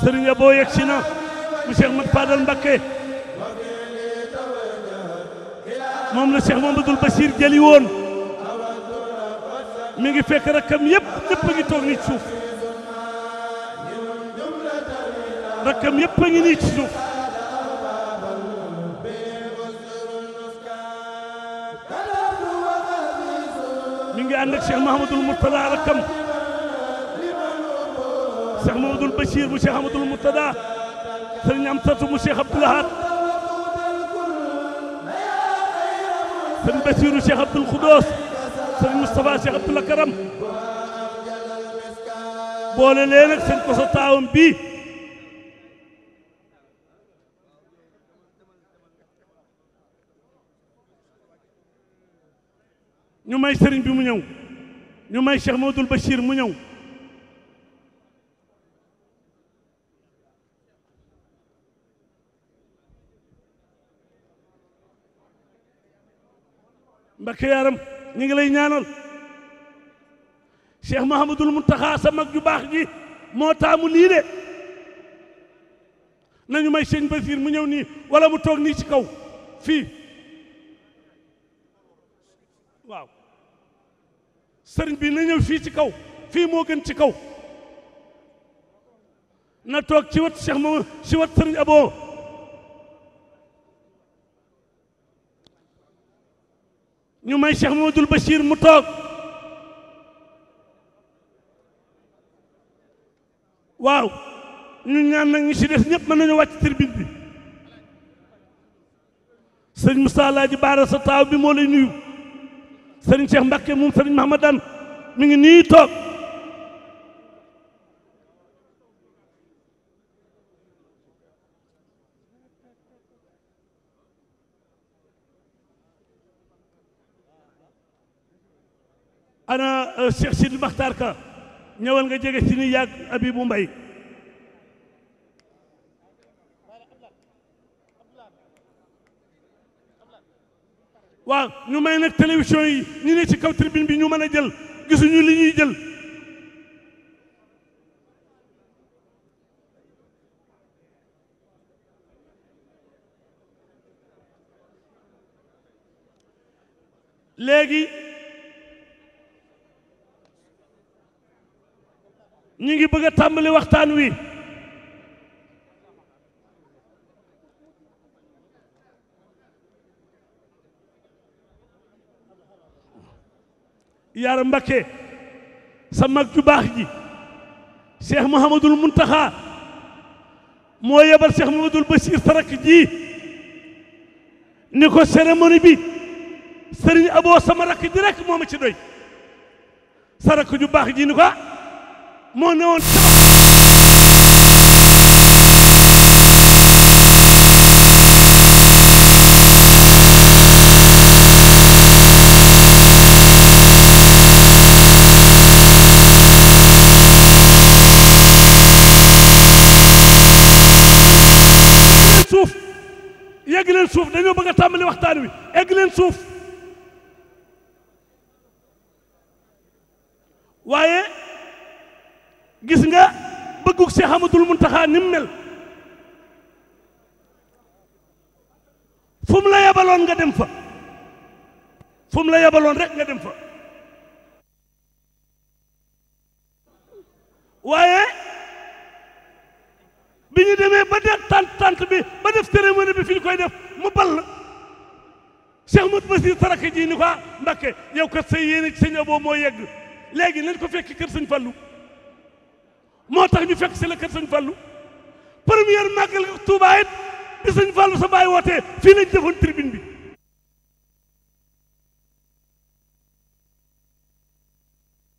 sëriñ boo yegg si na mu Cheikh Mat Fadal Mbakke moom la Cheikh Mamadou Bachir jëli woon mi ngi fekk rakkam yëpp ñëpp a ngi toog nii ci suuf rakkam yëpp a nii ci suuf mi ngi ànd ak Cheikh Mahamadou rakkam Cheikh Mamadul Bachir mu Cheikh Amadul Murtada sëriñ Amsatu mu Cheikh Abdoul Ahad sëriñ Bachiru Cheikh Abdoul Khoudoss sëriñ Moustapha Cheikh Abdoul Karam boole leen ak seen koso taawam bii ñu may sëriñ bi mu ñëw ñu may Cheikh Mamadul Bachir mu ñëw mbakke yaaram ñu ngi lay ñaanal cheikh mahamadul muntaxa sa mag ju baax ji moo taamu nii de nañu may sëñ basir mu ñëw nii wala mu toog nii ci kaw fii waaw sëriñ bi na ñëw fii ci kaw fii moo gën ci kaw na toog ci wat cheikh ma ci wat sëriñ aboo ñu may Cheikh Modou Bachir mu toog waaw ñu ñaan nag ñu si des ñëpp mën nañu wàcc tribune bi sëriñ Moussa Laaji Baara sa taaw bi moo lay nuyu sëriñ Cheikh Mbacke moom sëriñ Mahamadan mi ngi nii toog ana euh, Cheikh Sidi Makhtar Ka ñëwal nga jege si ni yàgg Abibu Mbay waaw ñu may nag télévision yi ñu ne ci kaw tribune bi ñu mën a jël gisuñu li ñuy jël léegi ñu ngi bëgg tàmbali waxtaan wi yaar Mbakke sa mag ju baax ji Cheikh Mouhamadul Muntaxa moo yebal Cheikh Mouhamadul Bachir Sarak ji ni ko cérémonie bi sëriñ Abo sama rakk ji rek moo ma ci doy sarak ju baax ji ni ko moo newoon suuf yegg leen suuf dañoo bëgg a tàmbali waxtaan wi egg leen suuf waaye gis nga bëggug Seex Ahmadul Muntaxaa ni mu mel fu mu la yabaloon nga dem fa fu mu la yabaloon rek nga dem fa waaye bi ñu demee ba def tant tant bi ba def cérémonie bi fi koy def mu ball Cheikh Modou Basir Sarake ji ni ko ah, Mbakke yow kat sa yéene ci sëñ moo yegg léegi nañ ko fekk kër sëñ Fallu moo tax ñu fekk si la kër sëñ Fallou première màggal Touba it di sëñ Fallou sa bàyyi wootee fii lañ defoon tribune bi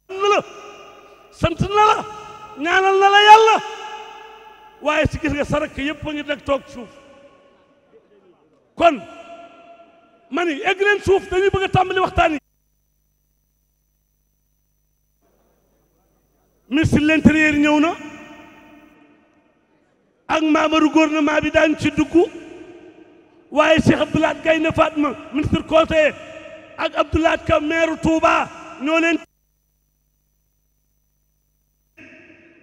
na la sant na la ñaanal na yàlla waaye si gis nga sarak yëpp a ngi nag toog suuf kon ma ni egg leen suuf dañuy bëgg a tàmbali waxtaan yi ministre de l'intérieur ñëw na ak membre gouvernement bi daan ci dugg waaye Cheikh Abdoulaye Gaynde Fatma ministre conseiller ak Abdoulaye Ka maire Touba ñoo leen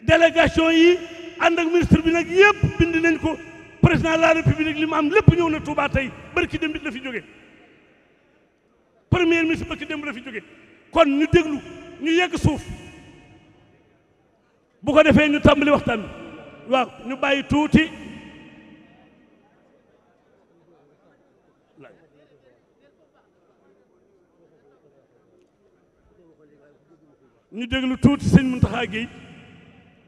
délégation yi ànd ak ministre bi nag yëpp bind nañ ko président de la république li mu am lépp ñëw na Touba tey barki dem bit la fi jóge premier ministre barki dem la fi jóge kon ñu déglu ñu yegg suuf bu ko defee ñu tàmbali waxtaan waaw ñu bàyyi tuuti ñu déglu tuuti sëñ Muntaxa Géey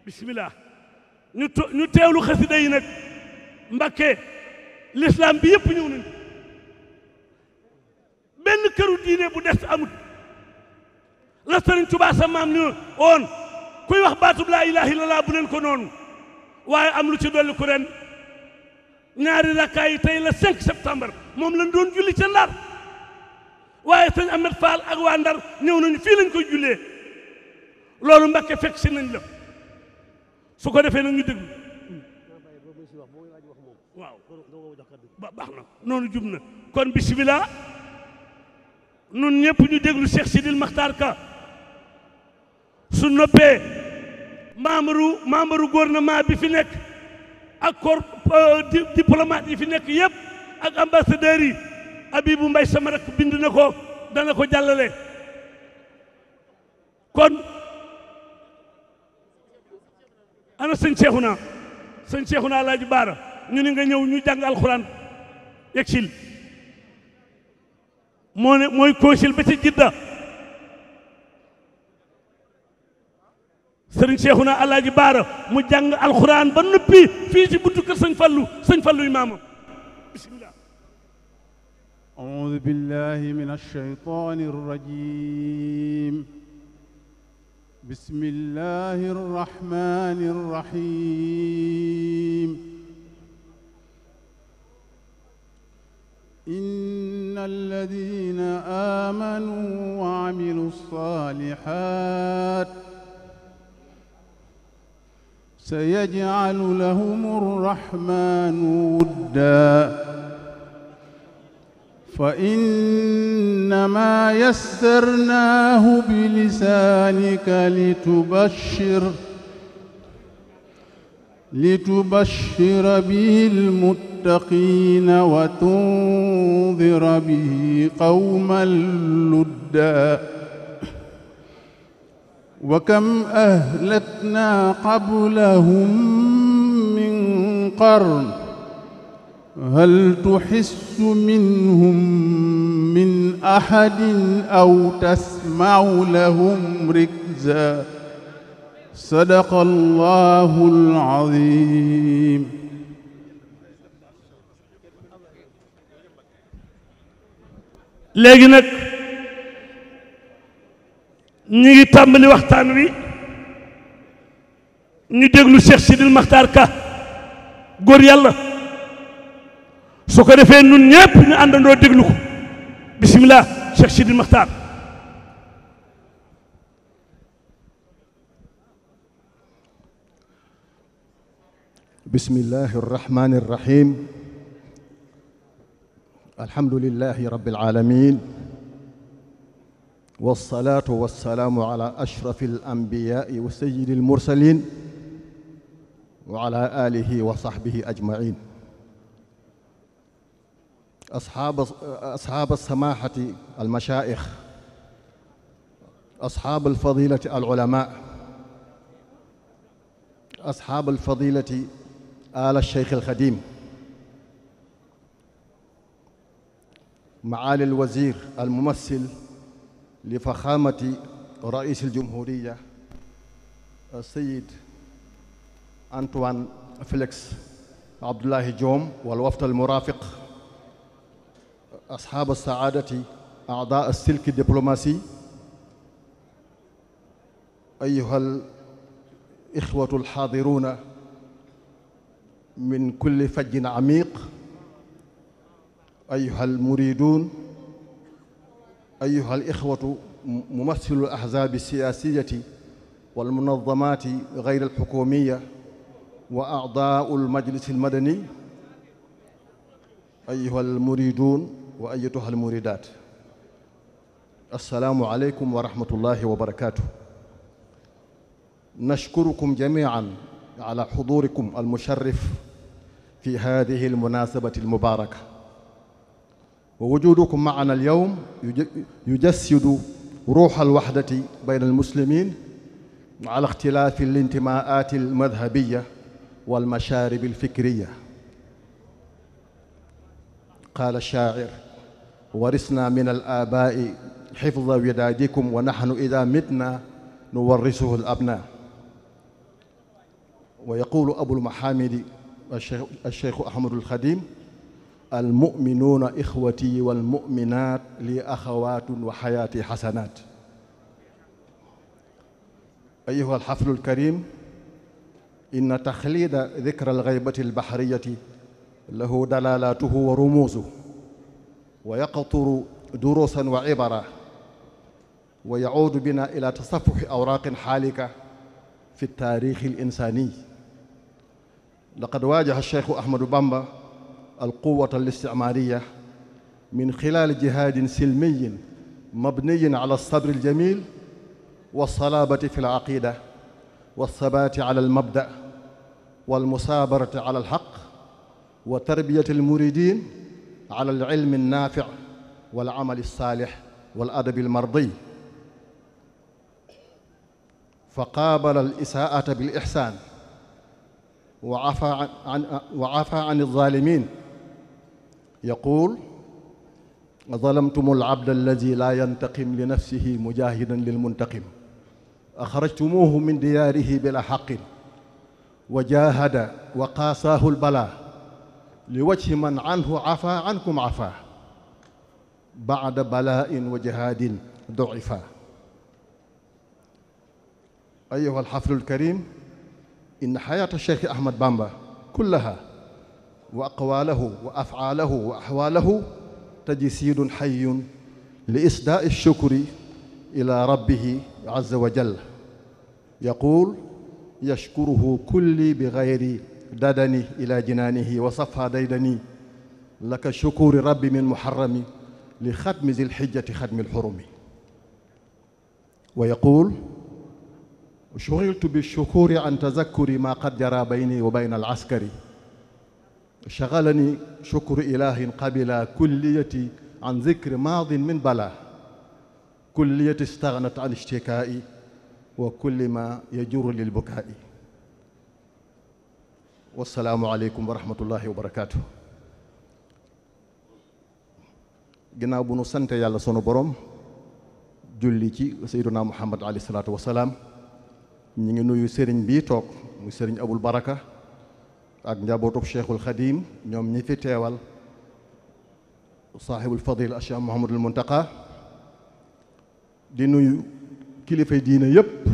bisimilah ñu ñu teewlu xasida yi nag Mbàkke lislaam bi yëpp ñëw nañ benn këru diine bu des amut la sëriñ maam ñu woon kuy wax baatub laa ilaha illallah bu leen ko noonu waaye am lu ci dolli ku ren ñaari rakkaa yi tey la 5 septembre moom lañ doon julli ca ndar waaye sëñ Ahmed Fall ak waa ndar ñëw nañu fii lañ koy jullee loolu Mbàkke fekk si nañ la su ko defee nag ñu déglu waaw ba baax na noonu jub na kon bisimilah nun ñëpp ñu déglu Cheikh Sidil Makhtar Ka su noppee membre membre gouvernement bi fi nekk ak kor euh, diplomate yi fi nekk yëpp ak ambassadeurs yi bu mbay sama rakk bind na ko dana ko jàllale kon ana na Cheikhouna sëñ Cheikhouna Alaaji Baara ñu ni nga ñëw ñu jàng alxuraan yegsil moo ne mooy koosil ba jidda sëriñ Seexuna Alaaji Baara mu jàng alxuraan ba noppi fii ci buntu kër sëñ Fallu sëñ Fallu imaamam bismillah أعوذ بالله من الشيطان الرجيم بسم الله الرحمن الرحيم إن الذين آمنوا وعملوا الصالحات سيجعل لهم الرحمن ودا فإنما يسرناه بلسانك لتبشر لتبشر به المتقين وتنذر به قوما لُدًّا وكم أهلتنا قبلهم من قرن هل تحس منهم من أحد أو تسمع لهم ركزا صدق الله العظيم léegi nag ñu ngi tàmbali waxtaan wi ñu déglu Cheikh Sidil Maxtaar Ka góor yàlla su ko defee nun ñépp ñu àndandoo déglu ko bisimilah Cheikh Sidil Maxtaar bismillahi arrahmani arrahim alhamdulilahi rabbil alamin والصلاة والسلام على أشرف الأنبياء وسيد المرسلين وعلى آله وصحبه أجمعين أصحاب أصحاب السماحة المشايخ أصحاب الفضيلة العلماء أصحاب الفضيلة آل الشيخ الخديم معالي الوزير الممثل li faxaamati raïsil jumhuriya euh, sayid Antoine Félix Abdoulahi Diome wal waftal muraafiq euh, asxaaba saadati aada silki diplomatie ayuhal ixwatu alxaadiruuna min kulli fajjin amiq ayuhal muriduun أيها الإخوة ممثل الأحزاب السياسية والمنظمات غير الحكومية وأعضاء المجلس المدني أيها المريدون وأيتها المريدات السلام عليكم ورحمة الله وبركاته نشكركم جميعا على حضوركم المشرف في هذه المناسبة المباركة wa wujudukum maana al yawm yujassidu ruuxa alwaxdati bayna almuslimin maa al ixtilaafi al intimaati al madhabiya wal mashaarib al fikriya qaala shaair warisna min al aabaai xifda widaadikum wa naxnu ida mitna nuwarisuhu al abna wa yaqulu abul mahamidi alcheikhu ahmadu alxadim almuminuuna ixwati walmuminaat li axawaatun wa xayaati xasanaat ayuha alxaflu alkarim inna taxlida dikra alxaybati albaxriyati lahu dalaalatuhu wa rumuusu wa yaqturu duruusan wa cibara wa yacuudu bina ila tasafuxi awraaqin xaalika fi taariixi alinsaaniy laqad waajaha alcheikhu ahmadu bamba القوة الاستعمارية من خلال جهاد سلمي مبني على الصبر الجميل والصلابة في العقيدة والثبات على المبدأ والمصابرة على الحق وتربية المريدين على العلم النافع والعمل الصالح والأدب المرضي فقابل الإساءة بالإحسان وعفى عن, وعفى عن الظالمين يقول ظلمتم العبد الذي لا ينتقم لنفسه مجاهدا للمنتقم أخرجتموه من دياره بلا حق وجاهد وقاساه البلاء لوجه من عنه عفا عنكم عفا بعد بلاء وجهاد ضعفا أيها الحفل الكريم إن حياة الشيخ أحمد بامبا كلها wa aqwaalahu wa afaalahu wa axwaalahu tajsiidun xayun li isdaai shukri ila rabbihi azza wa jalla yaquul yashkuruhu kulli bi gayri dadani ila jinaanihi wa safa daydani laka shukuri rabbi min muharrami li xatmi zil xijjati xatmi lxurumi wa yaquul shugiltu bi shukuri an tazakkuri ma qad jara bayni wa bayna al askari شغلني شكر إله قبل كليتي عن ذكر ماض من بلا كليتي استغنت عن اشتكائي وكل ما يجر للبكاء والسلام عليكم ورحمة الله وبركاته ginnaaw bu nu sant yàlla sunu borom julli ci sayyiduna muhammad alayhi salaatu wasalaam ñi ngi nuyu sëriñ bii toog muy sëriñ abul baraka ak njabootub cheikhul xadim ñoom ñi fi teewal saaxibul fadil cheikh Mouhamadul Muntaqa di nuyu kilifa diine yëpp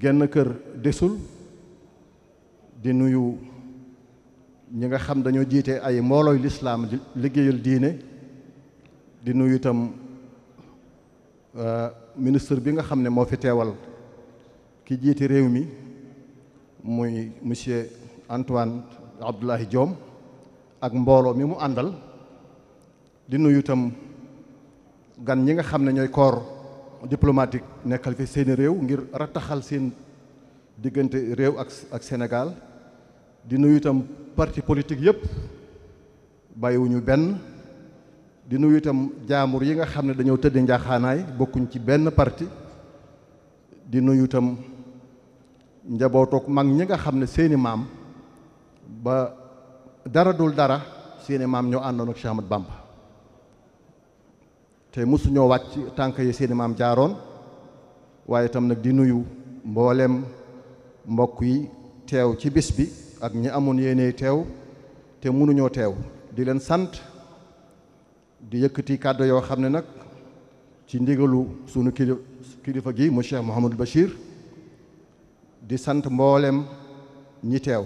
genn kër desul di nuyu ñi nga xam dañoo jiite ay mboolooy lislaam liggéeyal diine di nuyu itam euh, ministre bi nga xam ne moo fi teewal ki jiite réew mi muy monsieur Antoine Abdoulaye joom ak mbooloo mi mu àndal di nuyu itam gan ñi nga xam ne ñooy koor diplomatique nekkal fi seeni réew ngir rattaxal seen diggante réew ak ak Sénégal di nuyu itam parti politique yëpp bàyyiwuñu benn di nuyu itam jaamur yi nga xam ne dañoo tëdd njaaxaanaay bokkuñ ci benn parti di nuyu itam njabootoog mag ñi nga xam ne seeni maam ba dara dul dara seeni maam ñoo àndoon ak Cheikh Ahmad te mosu ñoo wàcc tànk yi seeni maam jaaroon waaye itam nag di nuyu mboolem mbokk yi teew ci bis bi ak ñi amoon yéene teew te mënuñoo teew di leen sant di yëkkati kàddu yoo xam ne nag ci ndigalu sunu kilifa gi mu Cheikh Mouhamadul Bachir di sant mboolem ñi teew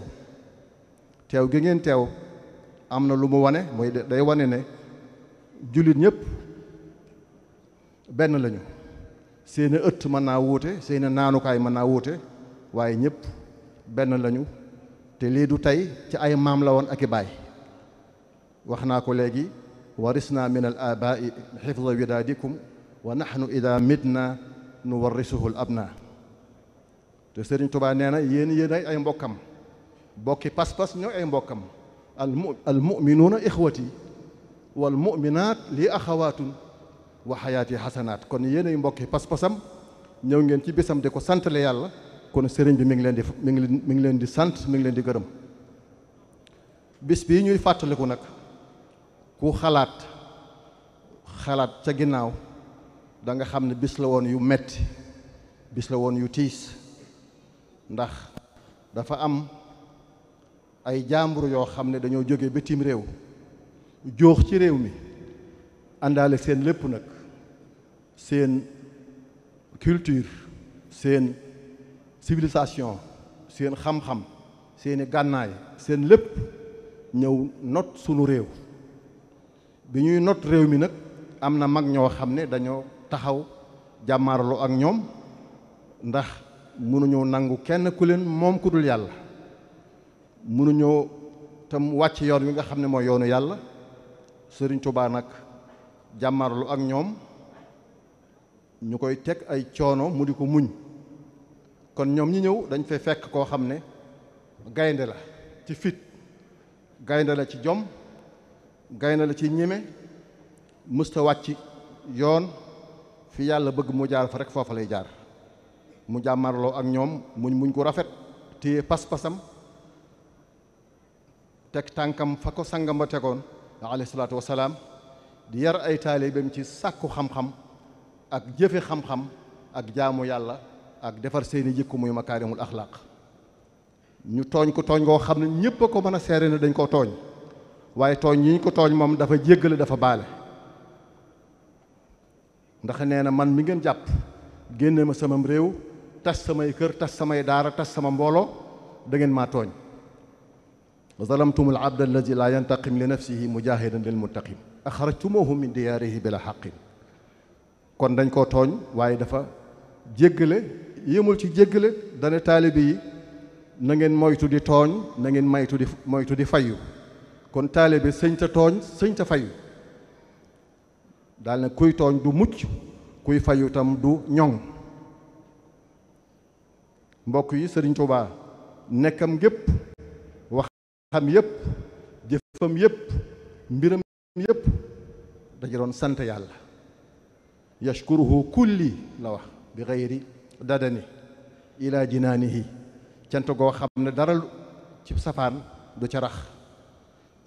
teew gi ngeen teew am na lu mu wane mooy day wane ne jullit ñépp benn lañu seen ët mën naa wuute seen naanukaay mën naa wuute waaye ñépp benn lañu te lii du tey ci ay maam la woon ak i baay wax naa ko léegi waris naa min al abaai xifda widaadikum wa nahnu ida mitna nu warisuhu l abna te Sëriñ Tubaa nee na yéen yéen ay mbokkam bokki pas-pas ñoo ay mbokkam al almu almuminuuna ixwati wal muminaat lii axawaatun wa xayaati xasanaat kon yéenay mbokki pas-pasam ñëw ngeen ci bisam di ko santale yàlla kon sëriñ bi mi ngi leen di mi ngi mi ngi leen di sant mi leen di gërëm bis bii ñuy fàttaliku nag ku xalaat xalaat ca ginnaaw da nga xam ne bis la woon yu metti bis la woon yu tiis ndax dafa am ay jàmbur yoo xam ne dañoo jóge bitim réew joox ci réew mi àndaale seen lépp nag seen culture seen civilisation seen xam-xam seeni gànnaay seen lépp ñëw not sunu réew bi ñuy not réew mi nag am na mag ñoo xam ne dañoo taxaw jàmmaarloo ak ñoom ndax mënuñu nangu kenn ku leen moom ku dul yàlla mënuñoo tam wàcc yoon wi nga xam ne mooy yoonu yàlla Sëriñ Tuubaa nag jàmmarlu ak ñoom ñu koy teg ay coono mu di ko muñ kon ñoom ñi ñëw dañ fay fekk koo xam ne gaynde la ci fit gaynde la ci jom gaynde la ci ñeme mësta wàcc yoon fi yàlla bëgg mu jaar fa rek foofa lay jaar mu jàmmarloo ak ñoom muñ muñ ko rafet téye pas-pasam teg tànkam fa ko sangam ba tegoon alayhi salaatu wasalaam di yar ay taalibeem ci sàkku xam-xam ak jëfe xam-xam ak jaamu yàlla ak defar seeni jikko muy makaarimul axlaaq ñu tooñ ko tooñ koo xam ne ñépp ko mën a seere ne dañ koo tooñ waaye tooñ yiñ ko tooñ moom dafa jéggale dafa baale ndax nee na man mi ngeen jàpp génne ma samam réew tas samay kër tas samay daara tas sama mbooloo da ngeen maa tooñ wa zalamtum alabda alladi laa yantaqim li nafsihi mujahidan lil muttaqin axrajtumuhum min diyaarihi bila xaqin kon dañ koo tooñ waaye dafa jéggale yëmul ci jéggale dana taalibe yi na ngeen moytu di tooñ na ngeen maytu di moytu di fayu kon taalibe sëñ ta tooñ sëñ ta fayu daal na kuy tooñ du mucc kuy fayu tam du ñoŋ mbokk yi sëriñ Tuubaa nekkam gépp xam yëpp jëfam yëpp mbiram yëpp dañu doon sant yàlla yashkuruhu kulli la wax bi xayri dadani ila jinaanihi cant goo xam ne dara ci safaan du ca rax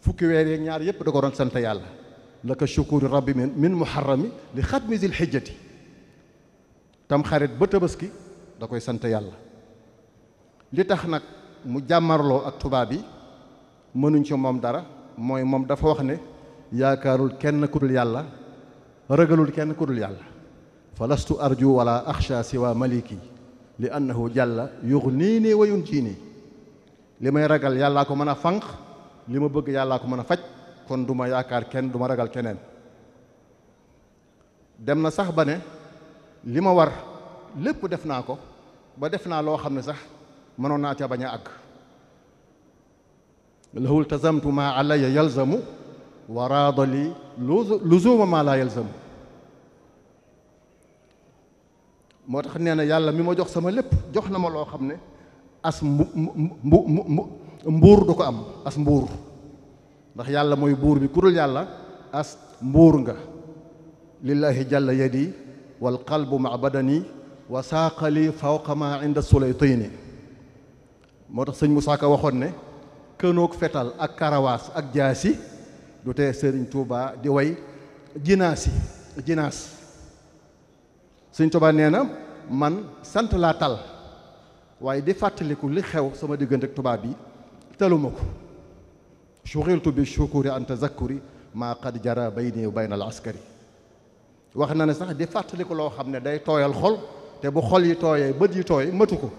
fukki weer yeeg ñaar yëpp da ko doon sant yàlla laka shukuru rabbi min min muharrami li xatmi zil xijjati tam xarit ba tabaski da koy sant yàlla li tax nag mu jàmmarloo ak tubaab yi mënuñ ci moom dara mooy moom dafa wax ne yaakaarul kenn ku dul yàlla ragalul kenn ku dul yàlla fa lastu arju wala axsha siwa maliki li annahu jàlla yuxniini wa yunjiini li may ragal yàllaa ko mën a fànq li ma bëgg yàllaa ko mën a faj kon du ma yaakaar kenn du ma ragal keneen dem na sax ba ne li ma war lépp def naa ko ba def naa loo xam ne sax mënoon naa ca bañ a àgg lahu iltazamtu ma alaya yalzamu wa raada li luzuma ma yalzamu moo tax nee na yàlla mi ma jox sama lépp jox na ma loo xam ne as mbu mbuur du ko am as mbuur ndax yàlla mooy buur bi ku dul yàlla as mbuur nga lillahi jalla yadi wal qalbu ma badani wa saaqali fawqa ma inda sulaytayni moo tax sëñ mu Ka waxoon ne kënoog fetal ak karawaas ak jaasi du tee sëriñ Touba di way jinaas yi jinaas sëriñ nee na man sant laa tal waaye di fàttaliku li xew sama diggante tubaab bi taluma ko shughiltu bi shukuri an tazakkuri maa qad jara bayni bay na al askari wax na ne sax di fàttaliku loo xam ne day tooyal xol te bu xol yi tooyee bët yi tooy matu ko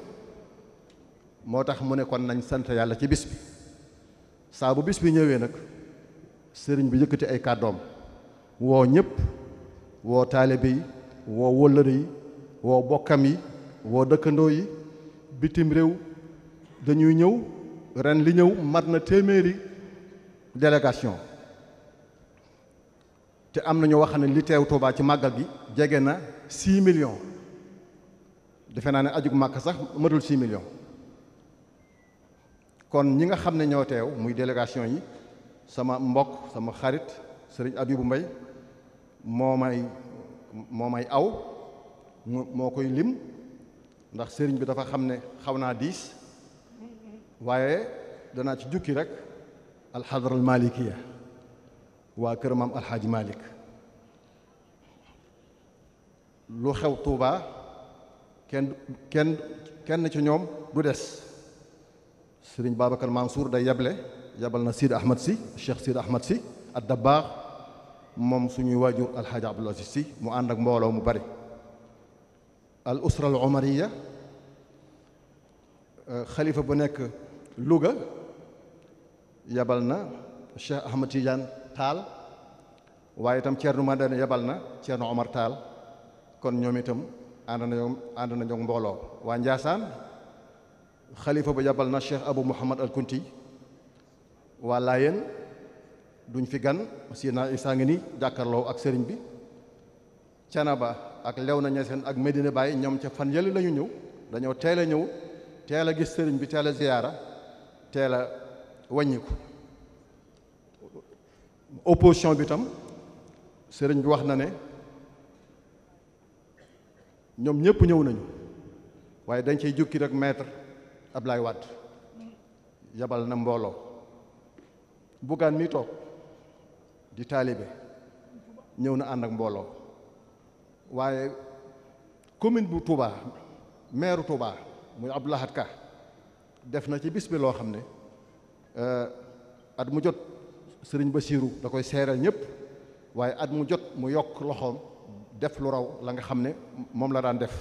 moo tax mu ne kon nañ sant yàlla ci bis bi saa bis bi ñëwee nag sëriñ bi yëkkati ay kàddoom woo ñëpp woo taalibe yi woo wëllëre yi woo bokkam yi woo dëkkandoo yi bitim réew dañuy ñëw ren li ñëw mat na téeméeri délégation te am na ñoo wax ne li teew Tuubaa ci màggal gi jege na 6 millions defe naa ne ajug màkk sax matul 6 millions kon ñi nga xam ne ñoo teew muy délégation yi sama mbokk sama xarit sëriñ Abibu Mbay moo may moo may aw moo koy lim ndax sëriñ bi dafa xam ne xaw naa diis waaye danaa ci jukki rek alxadra almalikiya waa kër maam alxaaji malik lu xew tuubaa kenn kenn kenn ci ñoom du des sëriñ Babacar Mansour day yable yabal na Sidi Ahmad si Cheikh Sidi Ahmad si ak Dabbaax moom suñuy waajur alxaaji Abdul Aziz si mu ànd ak mbooloo mu bari al usra al omariya euh, xalifa bu nekk Louga yabal na Cheikh Ahmad Tidiane Taal waaye itam Thierno Madane yabal na Thierno Omar Taal kon ñoom itam ànd nañoo ànd nañoo mbooloo waa Njaasaan xalifa ba jàppal na cheikh abu mouhamad al kunti waa laayeen duñ fi gan si na isaa ngi ni jàkkarloo ak sëriñ bi canaba ak lew na ñeseen ak Medina Baye ñoom ca fan yële lañu ñëw dañoo teel a ñëw teel gis sëriñ bi teel a ziyaara teel a wàññiku opposition bi tam sëriñ bi wax na ne ñoom ñëpp ñëw nañu waaye dañ cey jukki rek maître ab Ablaye Wade yabal na mbooloo buggaan mi toog di taalibe ñëw na ànd ak mbooloo waaye commune bu Touba maire Touba muy Abdou Lahad Ka def na ci bis bi loo xam ne euh, at mu jot sëriñ ba Basiiru da koy seeral ñëpp waaye at mu jot mu yokk loxoom def lu raw la nga xam ne moom la daan def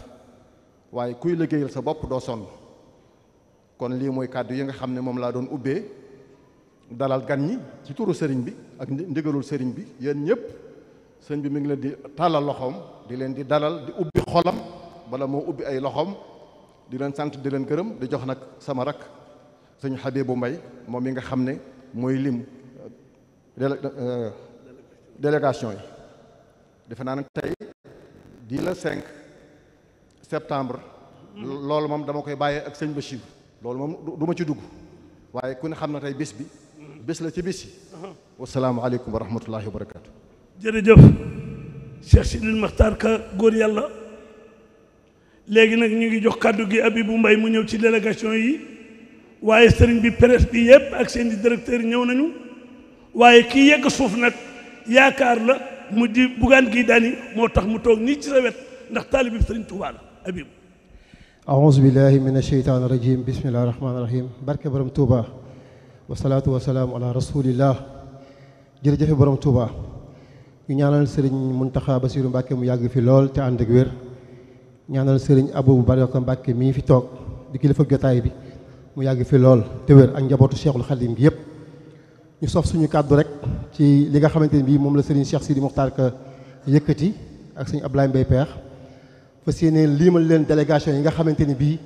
waaye kuy liggéeyal sa bopp doo sonn kon lii mooy kàddu yi nga xam ne moom laa doon ubbee dalal gan ñi ci turu sëriñ bi ak ndigalul sëriñ bi yéen ñëpp sëriñ bi mi ngi leen di tàllal loxoom di leen di dalal di ubbi xolam bala moo ubbi ay loxoom di leen sant di leen gërëm di jox nag sama rak sëñ bu Mbaye moom yi nga xam ne mooy lim euh, euh, délégation yi defe naa nag tey di la 5 septembre hmm. loolu moom dama koy bàyyee ak sëñ Bachir loolu moom du ma ci dugg waaye ku ne xam na tey bis bi bés la ci bés yi wasalaamualeykum wa rahmatullahi wa barakaatu jërëjëf Cheikh Sidil góor yàlla léegi nag ñu ngi jox kàddu gi Abibou Mbaye mu ñëw ci délégation yi waaye sëriñ bi presse bi yëpp ak seen di directeur ñëw nañu waaye kii yegg suuf nag yaakaar la mu di bugaan gi daani moo tax mu toog nii ci sa wet ndax taalibi sëriñ Tuubaa la aouzu billahi min asheytaani rajim bismillahi rahmaani rahim barke borom Touba wasalaatu wasalaamu ala rasulillah jërëjëfe borom Touba ñu ñaanal sëriñ Muntaxa Basiru Mbàkke mu yàgg fi lool te ànd ak wér ñaanal sëriñ Abu Bakar Mbàkke mii fi toog di kilifa jotaay bi mu yàgg fi lool te wér ak njabootu Cheikhul Khadim gi yëpp ñu sof suñu kàddu rek ci li nga xamante ne bii moom la sëriñ Cheikh Sidi Muxtaar Ka yëkkati ak sëñ Ablaye Mbaye Peex fas yéene limal leen délégation yi nga xamante ni bii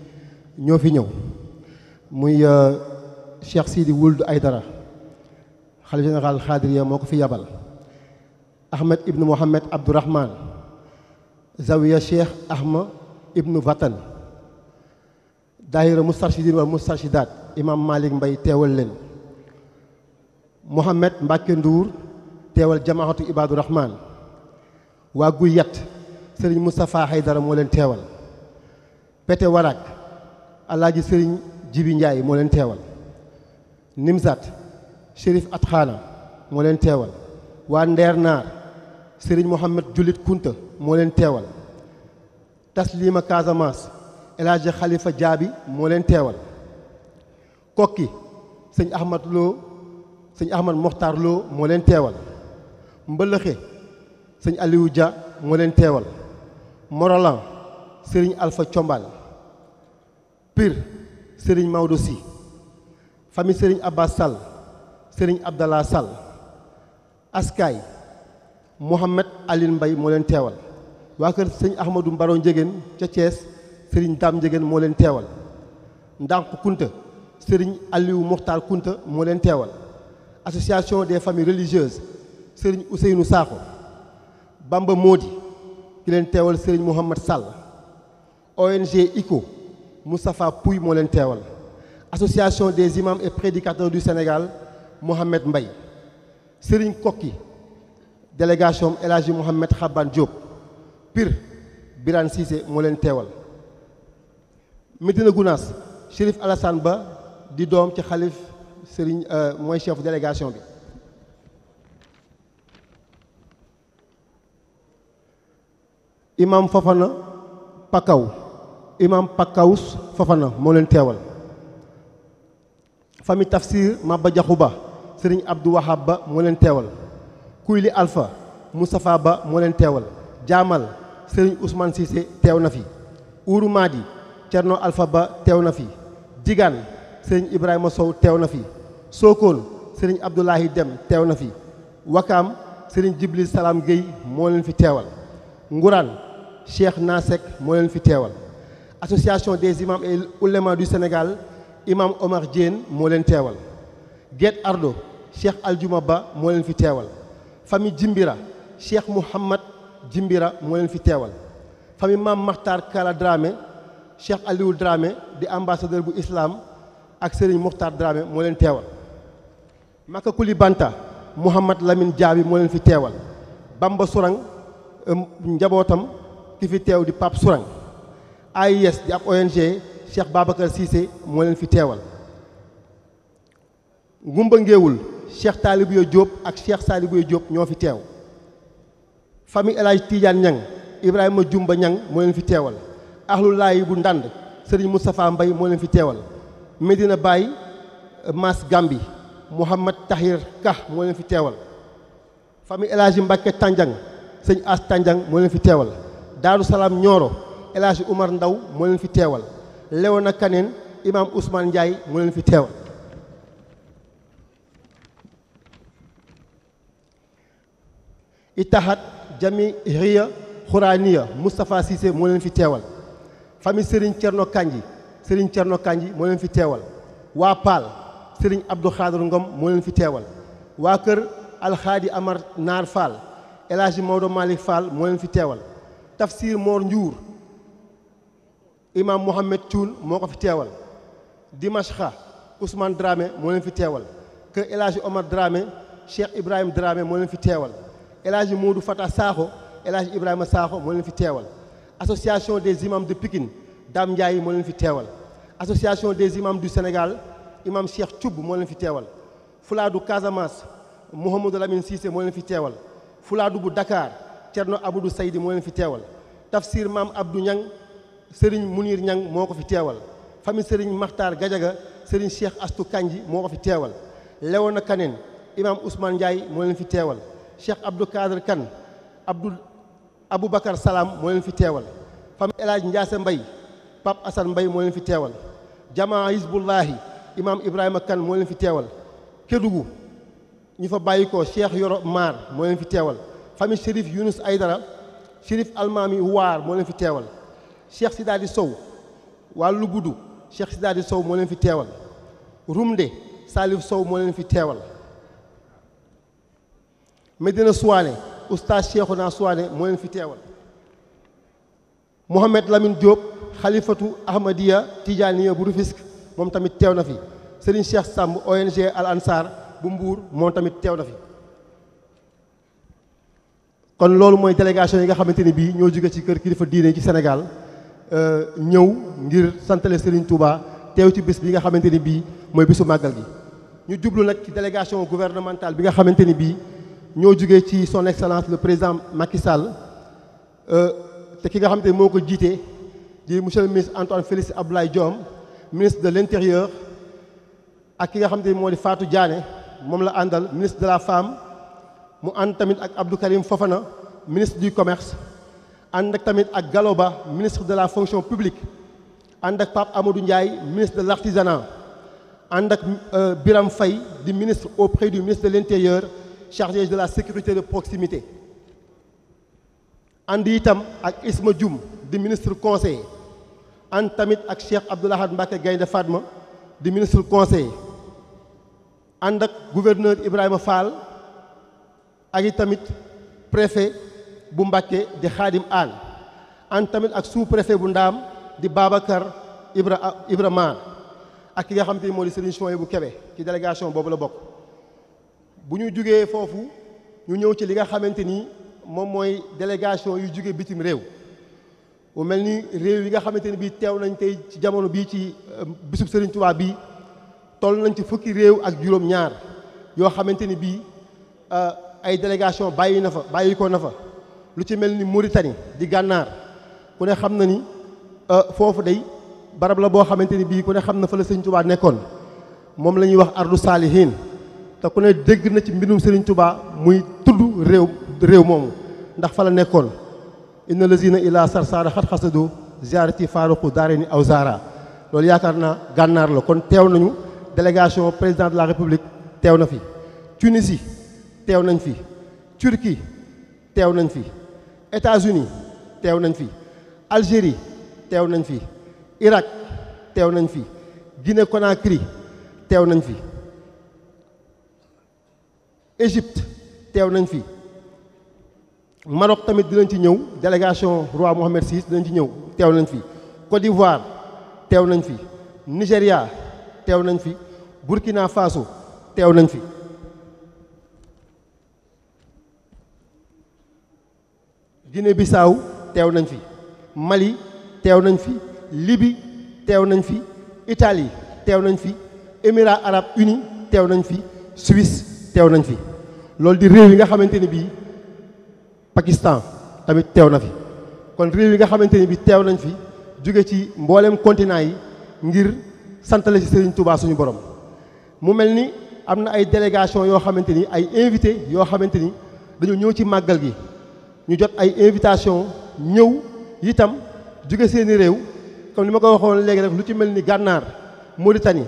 ñoo fi ñëw muy euh, Cheikh Sidi Wuld dara xalif général Xaadiriya moo ko fi yabal Ahmed ibnu Mohamed Abdourahman Zawiya Cheikh Ahma ibnu Vatan daayira Moustarchidine wal Moustarchidaat Imam Malick Mbaye teewal leen Mohamed Mbacke Ndour teewal jamaahatu Ibaadu Rahman waa Guy Yat sëriñ Moustapha Haydara moo leen teewal Pete Warak alaaji sëriñ Jibi Ndiaye moo leen teewal Nimzat Chérif Atxaana moo leen teewal waa Ndeer Naar sëriñ Mouhamed Julit Kunta moo leen teewal Taslima Casamance El Hadj Khalifa Diaby moo leen teewal kokki sëñ Ahmad Lo sëñ Ahmad Mokhtar Lo moo leen teewal mbëlëxe sëñ Aliou Dia moo leen teewal Morolan Serigne alfa Thiombal Pire Serigne Maodo Sy famille Serigne Abbas Sall Serigne Abdallah Sall askay Mohamed Alin Mbay moo leen teewal waa kër sëñ Ahmadou Mbaro Njegéen ca Thiès Serigne Dame Njegéen moo leen teewal Ndànk Kunta Serigne Aliou Mokhtar Kunta moo leen teewal association des familles religieuses Serigne Ousseynou Sakho Bamba moodi ki leen teewal sëriñ Mouhamad Sall ONG ICO Moustapha Pouy moo leen teewal association des imams et prédicateurs du Sénégal Mohamed mbay sëriñ Kokki délégation El Hadji Mohamed Xaban Diop Pire Birane Cissé moo leen teewal Médina Gounass Chérif Alassane Ba di doom ci xalif sëriñ euh, mooy chef délégation bi imam Fofana Pakaw imam Pakawus Fofana moo leen teewal famille Tafsir Maba Jaxu Ba Sëriñ Abdou Ba moo leen teewal Kuyli alfa Moustapha Ba moo leen teewal Jaamal Sëriñ Ousmane Cissé teew na fi Ourou Madi Cerno Alpha Ba teew na fi Digaan Sëriñ Ibrahima Sow teew na fi Sokone Sëriñ Abdoulahi Dem teew na fi Wakaam Sëriñ Jibril Salaam Guèye moo leen fi teewal Nguraan Cheikh Nasek moo leen fi teewal association des imams et oulémas du Sénégal imam Omar Diène moo leen teewal Guet Ardo Cheikh Aljuma Ba moo leen fi teewal famille Jimbira Cheikh Mouhamad Jimbira moo leen fi teewal famille Maam Makhtar Kala Dramé Cheikh Aliou Dramé di ambassadeur bu islam ak Serigne Mokhtar Dramé moo leen teewal Maka Koulibanta Mouhamad Lamine Diaby moo leen fi teewal Bamba Sourang euh, njabootam ki fi teew di Pape Sourang AIS di ab ONG Cheikh Babacar Cissé moo leen fi teewal Ngumba Ngéewul Cheikh ak Cheikh Salibouya ñoo fi teew famille El Hadj Tidiane Niang Ibrahima Jumba ñaŋ moo leen fi teewal Ahlul Laay bu Ndànd Serigne Moustapha mbay moo leen fi teewal Medina Baye Mass Gambi Mouhamad Tahir Ka moo leen fi teewal famille El Hadj Mbacke Tandiang sëñ As Tandiang moo leen fi teewal daaru salaam ñooro El Hadji Ndaw moo fi teewal Léona Kaneen imaam Ousmane Ndiaye moo fi teewal itahat jami riya xuraaniya Moustapha Cissé fi teewal famille Serigne Thierno Kandji Serigne Thierno Kandji moo leen fi teewal waa Paal Serigne Abdou Khadir Ngom moo fi teewal waa kër Alxaadi Amar Naar Fall El Hadji Maodo Malick Fall fi teewal tafsir Mor Ndiour imam Mohamed Thioune moo ko fi teewal Dimashqa Ousmane Dramé moo leen fi teewal kër El Omar Dramé Cheikh Ibrahim Dramé moo leen fi teewal El Hadj du Fata Sakho El Hadj Ibrahima Sakho moo leen fi teewal association des imams de Pikine Dame Ndiaye moo leen fi teewal association des imams du Sénégal imam Cheikh Thioub moo leen fi teewal Fulaadu Casamance Mouhamadou Lamine Cissé moo leen fi teewal Fulaadu bu Dakar Cerno abudu Saydi moo leen fi teewal tafsir maam abdu Ñang sëriñ Munir Ñang moo ko fi teewal famille Serigne Makhtar Gajaga Serigne Cheikh astu Kanji moo ko fi teewal na Kaneen imaam Ousmane Ndiaye moo leen fi teewal Cheikh abdu Kader Kan Abdou Aboubacar Salaam moo leen fi teewal famille El Hadj Mbay Pape Assane Mbay moo leen fi teewal jamaa Hizbullahi imaam Ibrahima Kan moo leen fi teewal Kédougou ñu fa bàyyi ko Cheikh Yoro Maar moo leen fi teewal famille Chérif Younus Aydara Chérif Almaami Waar moo leen fi teewal Cheikh Sidaadi Sow waa Lubudu Cheikh Sidaadi Sow moo leen fi teewal Rumde Salif Sow moo leen fi teewal Medina Souane oustaz Cheikhouna Souane moo leen fi teewal Mohamed Lamine Diop xalifatu Ahmadiya Tijaaniya bu Rufisque moom tamit teew na fi Serigne Cheikh Samb ONG Al Ansar bu Mbour moom tamit teew na fi kon loolu mooy délégation yi nga xamante ni bii ñoo jóge ci kër kilifa diine ci Sénégal euh, ñëw ngir santale Serigne Touba teew ci bis bi nga xamante ni bii mooy bisu màggal gi. ñu jublu nag ci délégation gouvernementale bi nga xamante ni bii ñoo jóge ci son excellence le président Macky Sall euh, te ki nga xam ni moo ko jiite di monsieur le ministre Antoine Félix Abdoulaye Diome ministre de l' ak ki nga xamante ni moo di faatu Diané moom la àndal ministre de la femme. mu ànd tamit ak Abdou Karim Fofana ministre du commerce ànd ak tamit ak Gallo Ba ministre de la fonction publique ànd ak Pape Amadou Ndiaye ministre de l'artisanat ànd ak euh, biram Faye di ministre auprès du ministre de l'intérieur chargé de la sécurité de proximité ànd itam ak Isma Dioum di ministre conseiller ànd tamit ak Cheikh Abdou Lahad Gaynde faatma di ministre conseiller ànd ak gouverneur Ibrahima Fall ak i tamit préfet bu Mbàkke di Xaadim Aan an tamit ak sous préfet bu Ndaam di Babacar Ibra Ibra Maar ak ki nga xam moo di Serigne Chouaïbou bu ci délégation boobu la bokk bu jugee foofu ñu ñëw ci li nga xamante ni moom mooy délégation yu jugee bitim réew mu mel ni réew yi nga xamante ni bii teew nañ tey ci jamono bii ci euh, bisub Serigne Touba bii toll nañ ci fukki réew ak juróom-ñaar yoo xamante ni bii euh, ay délégation bàyyi na fa bàyyi ko na fa lu ci mel ni Mauritanie di gànnaar ku ne xam na ni euh, foofu day barab la boo xamante ni bii ku ne xam na fa la Sëriñ Tubaa nekkoon moom la ñuy wax ardu saalihiin te ku ne dégg na ci mbindum Sëriñ Tubaa muy tudd réew réew moomu ndax fa la nekkoon inna lazina ila sarsaara xat xasado ziarati faaruqu daare ni aw zara loolu yaakaar naa gànnaar la kon teew nañu délégation président de la république teew na fi Tunisie teew nañ fi Turquie teew nañ fi États-Unis teew nañ fi Algérie teew nañ fi Irak teew nañ fi Guinée Conakry teew nañ fi Égypte teew nañ fi Maroc tamit dinañ ci ñëw délégation roi Mohammed VI dinañ ci ñëw teew nañ fi Côte d'Ivoire teew nañ fi Nigéria teew nañ fi Burkina Faso teew nañ fi Guinée Bissau teew nañ fi Mali teew nañ fi libi teew nañ fi Italie teew nañ fi Émirats arabes uni teew nañ fi Suisse teew nañ fi loolu di réew yi nga xamante ni bii Pakistan tamit teew na fi kon réew yi nga xamante ni bii teew nañ fi jóge ci mboolem continent yi ngir santale ci Serigne Touba suñu borom mu mel ni am na ay délégation yoo xamante ni ay invité yoo xamante ni dañoo ñëw ci màggal gi ñu jot ay invitation ñëw itam jóge seeni réew comme ni ma ko waxoon léegi rek lu ci mel ni gànnaar moo Mauritanie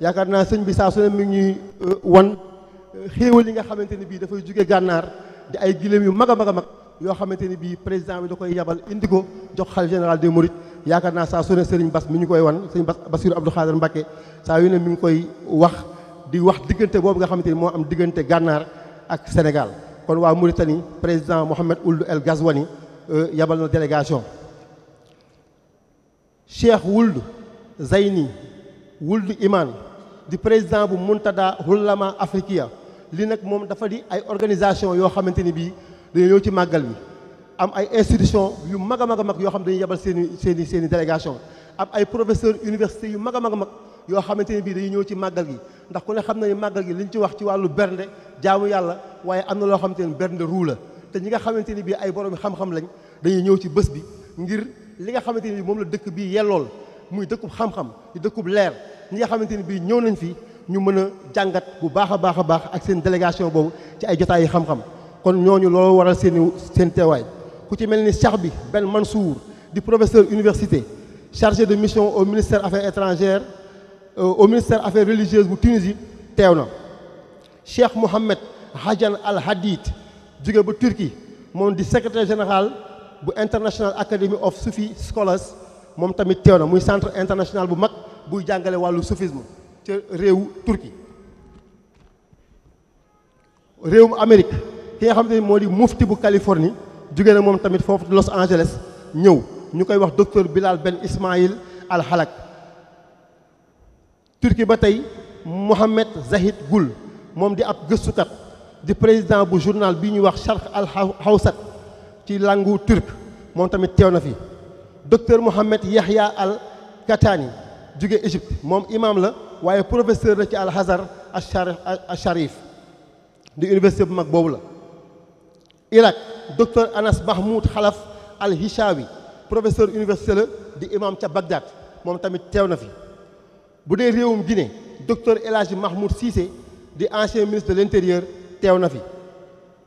yaakaar naa sëñ bi saa su ne mi ngi ñuy euh, wan euh, xéewal li nga xamante ni bii dafay jóge gànnaar di ay giléem yu mag a mag a yoo xamante ni bii président bi da koy yabal indi ko jox xal général des Mourides yaakaar naa saa su ne Serigne Bass mi ñu koy wan Serigne Bass Bassirou Abdou Khader Mbacké saa yu ne mi ngi koy wax di wax diggante boobu nga xamante ni moo am diggante gànnaar ak Sénégal kon waa Mauritanie président Mohamed Ould El Ghazouani euh, yabal na délégation Cheikh Wuld Zayni Wuld imaan di président bu Muntada Hulama Afrikiya li nag moom dafa di ay organisation yoo xamante ni bii dañoo ñëw ci màggal bi am ay institution yu mag a mag mag yoo xam dañuy yabal seeni seeni seeni délégation am ay professeurs universités yu mag a mag a yoo xamante bii dañuy ñëw ci màggal gi ndax ku xam na ni màggal gi liñ ci wax ci wàllu bernde jaamu yàlla waaye am na loo xamante ni bernde ruu la te ñi nga xamante ni bii ay borom xam-xam lañ dañuy ñëw ci bës bi ngir li nga xamante ni moom la dëkk bii yellool muy dëkkub xam-xam di dëkkub leer ñi nga xamante ni bii ñëw nañ fi ñu mën a jàngat bu baax a baax a baax ak seen délégation boobu ci ay jotaay yi xam-xam kon ñooñu loolu waral seen seen teewaay ku ci mel ni Cheikh bi Ben Mansour di professeur université chargé de mission au ministère affaires étrangères Euh, au ministère affaire religieuses bu Tunisie teew na Cheikh Mohamed Hajan Al Hadid jóge ba Turquie moom di secrétaire général bu International Academy of Sufi Scholars moom tamit teew na muy centre international bu mag buy jàngale wàllu soufisme ca réewu Turquie réewum Amérique ki nga xam ne moo di mufti bu Californie jóge na moom tamit foofu Los Angeles ñëw ñu koy wax docteur Bilal Ben Ismail Al Halak Turquie ba tey Mohamed Zahid Gul moom di ab gëstukat di président bu journal bi ñuy wax Sharq al Hawsat ci langue turque moom tamit teew na fi docteur Mohamed Yahya al Katani jóge Égypte moom imam la waaye professeur la ci al Azhar al Sharif di université bu mag boobu la Irak docteur Anas Mahmoud Khalaf al Hishawi professeur université la di imam ca Bagdad moom tamit teew na fi bu dee réewum Guinée docteur El Hadji Mahmoud Cissé di ancien ministre de l'intérieur teew na fi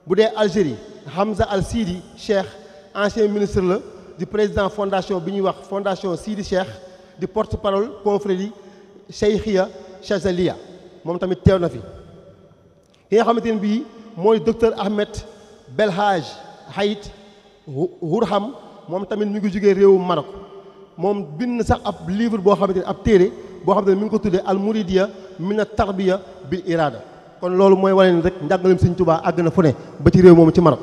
bu dee Algérie Hamza Al Sidi Cheikh ancien ministre la di président fondation bi ñuy wax fondation Sidi Cheikh di porte-parole confrérie Cheikhiya Chazaliya moom tamit teew na fi ki nga xamante ne bii mooy docteur Ahmed Belhaj Hayit Hourham moom tamit mi ngi jugee réewum Maroc moom bind na sax ab livre boo xamante ne ab téere boo xam ne mi ngi ko tuddee al muridiya min at tarbiya bil irada kon loolu mooy wane ni rek njàngaleem Sëriñ Tuubaa àgg na fu ne ba ci réew moom ci Maroc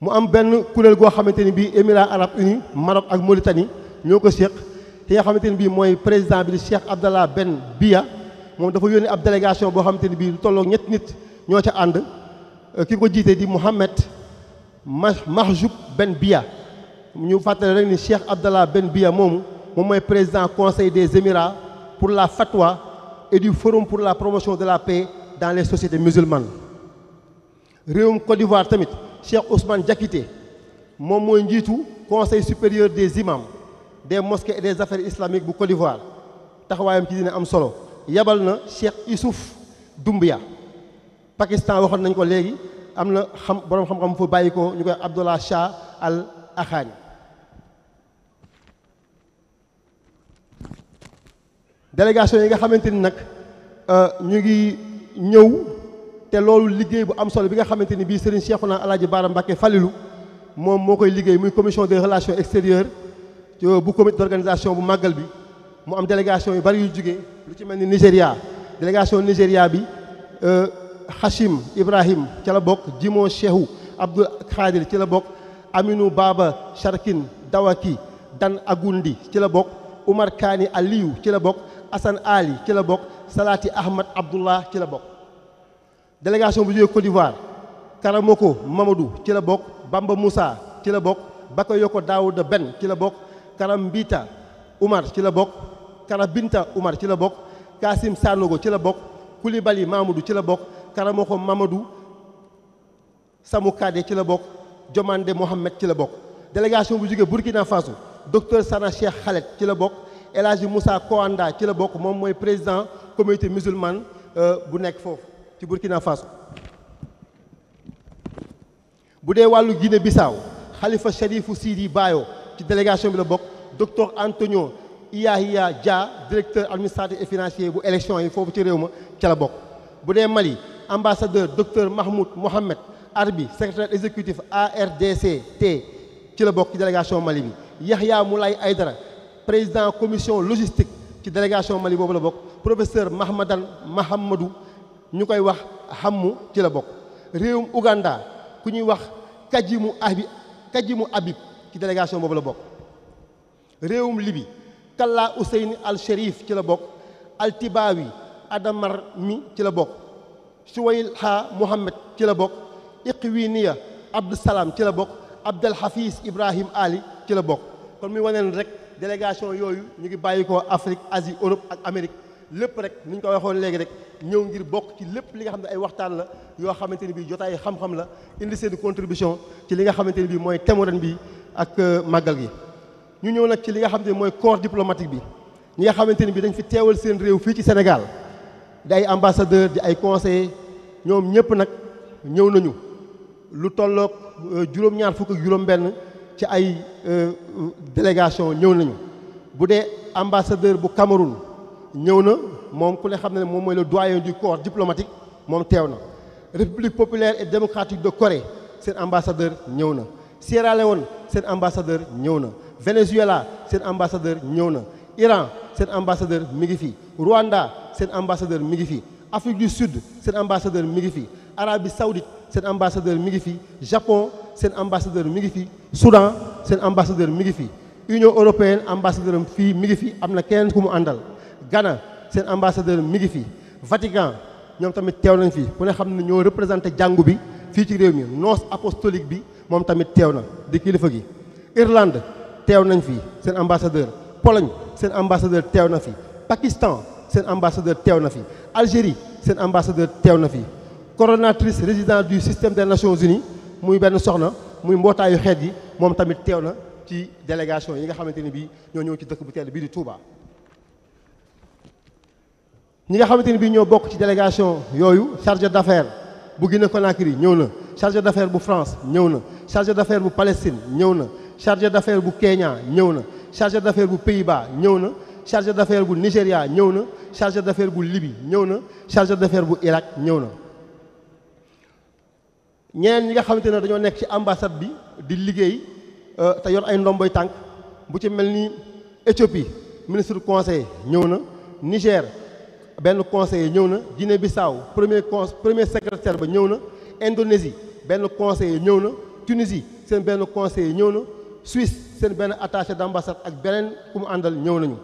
mu am benn kuréel goo xamante ni bii émirats arabes unis Maroc ak Mauritanie ñoo ko séq te nga xamante ni bii mooy président bi di Cheikh Abdallah benn Biya moom dafa yónnee ab délégation boo xamante ni bii lu tolloog ñetti nit ñoo ca ànd ki ko jiite di Mohamed Mahjoub benn Biya ñu fàttale rek ni Cheikh Abdallah Ben Biya moomu moom mooy président conseil des émirats pour la fatwa et du pour la promotion de la paix dans les sociétés musulmanes réewum Côte d'Ivoire tamit Cheikh Ousmane Diakité moom mooy njiitu conseil supérieur des imams des mosquées et des affaires islamiques bu Côte d'Ivoire taxawaayam ci dina am solo yabal na Cheikh Issouf Doumbia Pakistan waxoon nañ ko léegi am na xam boroom xam-xam fu bàyyi ko ñu koy Abdullah Shah al délégation yi nga xamante ni nag euh, ñu ngi ñëw te loolu liggéey bu am solo bi nga xamante ni bii Serigne Cheikhouna Alaaji Baara Mbàkke Falilu moom moo koy liggéey muy commission des relations extérieures bu comité d'organisation bu màggal bi mu am délégation yu bari yu jóge lu ci mel ni Nigéria délégation Nigéria bi euh, Hachim Ibrahim ci la bokk Jimo Cheikhu Abdul Khadir ci la bokk Aminou Baba Sharkin Dawaki Dan Agundi ci la bokk Oumar Kani Aliou ci la bokk Assane Ali ci la bokk Salati Ahmad Abdullah ci la bokk délégation bu jógee Côte d'Ivoire Karamoko Mamadou ci la bokk Bamba musa ci la bokk Bakayoko Daouda Ben ci la bokk Karambita Umar ci la bokk Karabinta Umar ci la bokk Kassim Sanogo ci la bokk Koulibaly Mamadou ci la bokk Karamoko Mamadou Samoukade ci la bokk Diomandé Mohamed ci la bokk délégation bu jógee Burkina Faso docteur Sana Cheikh Khaled ci la bokk El Hadji Moussa ci la bokk moom mooy président communauté musulmane euh, bu nekk foofu ci Burkina Faso bu dee wàllu Guinée Bissau xalifa Cherifu Sidi Bayo ci délégation bi la bokk docteur Antonio Iyahia Dia directeur administratif et financier bu élection yi foofu ci réew ma ca la bokk bu dee Mali ambassadeur docteur Mahmoud Mohamed Arbi secrétaire exécutif ARDCT ci la bokk ci délégation Mali bi Yahya ay dara président commission logistique ci délégation Mali boobu la bokk professeur Mahmadan Mahamadou ñu koy wax xammu ci la bokk réewum Ouganda ku ñuy wax Kajimu Abi Kajimu Abib ci délégation boobu la bokk réewum Libi Kalla Hussein Al Sherif ci la bokk Altibawi Adamar mi ci la bokk Suwayl Ha Mohamed ci la bokk Iqwiniya Abdou Salam ci la bokk Abdel Hafiz Ibrahim Ali ci la bokk kon muy waneen rek délégation yooyu ñu ngi bàyyi ko Afrique Asie Europe ak Amérique lépp rek ni koy waxoon léegi rek ñëw ngir bokk ci lépp li nga xam ne ay waxtaan la yoo xamante ni bii jotaay xam-xam la indi seen contribution ci li nga xamante ni bii mooy thème ren bi ak euh, màggal gi. ñu ñëw nag ci li nga xam ne mooy corps diplomatique bi ñi nga xamante ni bii dañ fi teewal seen réew fii ci Sénégal di ay ambassadeur di ay conseillers ñoom ñëpp nag ñëw nañu lu tolloog euh, juróom-ñaar fukk ak juróom ci ay euh, délégation ñëw nañu bu dee ambassadeur bu Cameroun ñëw na moom ku ne xam ne moom mooy le doyen di corps diplomatique moom teew na république populaire et démocratique de Corée seen ambassadeur ñëw na Sierra Leone seen ambassadeur ñëw na Venezuela seen ambassadeur ñëw na Iran seen ambassadeur mi ngi fi Rwanda seen ambassadeur mi ngi fi Afrique du Sud seen ambassadeur mi ngi fi Arabie Saoudite seen ambassadeur mi ngi fi Japon seen ambassadeur mi ngi fi Soudan seen ambassadeur mi ngi fi Union européenne ambassadeur am fii mi ngi fi am na kenn ku mu àndal Ghana seen ambassadeur mi ngi fi Vatican ñoom tamit teew nañ fi ku ne xam ne ñoo représenté jàngu bi fii ci réew mi nonce apostolique bi moom tamit teew na di kilifa gi Irlande teew nañ fi seen ambassadeur Pologne seen ambassadeur teew na fi Pakistan seen ambassadeur teew na fi Algérie seen ambassadeur teew na fi coordonnatrice résidente du système des Nations muy benn soxna muy mbootaayu xeet yi moom tamit teew na ci délégation yi nga xamante ni bii ñoo ñëw ci dëkk bu tedd bii di Touba. ñi nga xamante ni bii ñoo bokk ci délégation yooyu chargé d'affaires bu Guinée Conakry ñëw na chargé d'affaires bu France ñëw na chargé d'affaires bu Palestine ñëw na chargé d'affaires bu Kenya ñëw na chargé d'affaires bu Pays-Bas ñëw na chargé d'affaires bu Nigéria ñëw na chargé d'affaires bu Libye ñëw na chargé d'affaires bu Irak ñëw na ñeneen ñi nga xamante ne dañoo nekk ci ambassade bi di liggéey euh, te yor ay ndomboy tànk bu ci mel ni Éthiopie ministre conseil ñëw na Niger benn conseil conseiller ñëw na Guinée Bissau premier con premier secrétaire ba ñëw na Indonésie benn conseiller ñëw na Tunisie seen benn conseiller ñëw na Suisse seen benn attaché d'ambassade ak beneen ku mu àndal ñëw nañu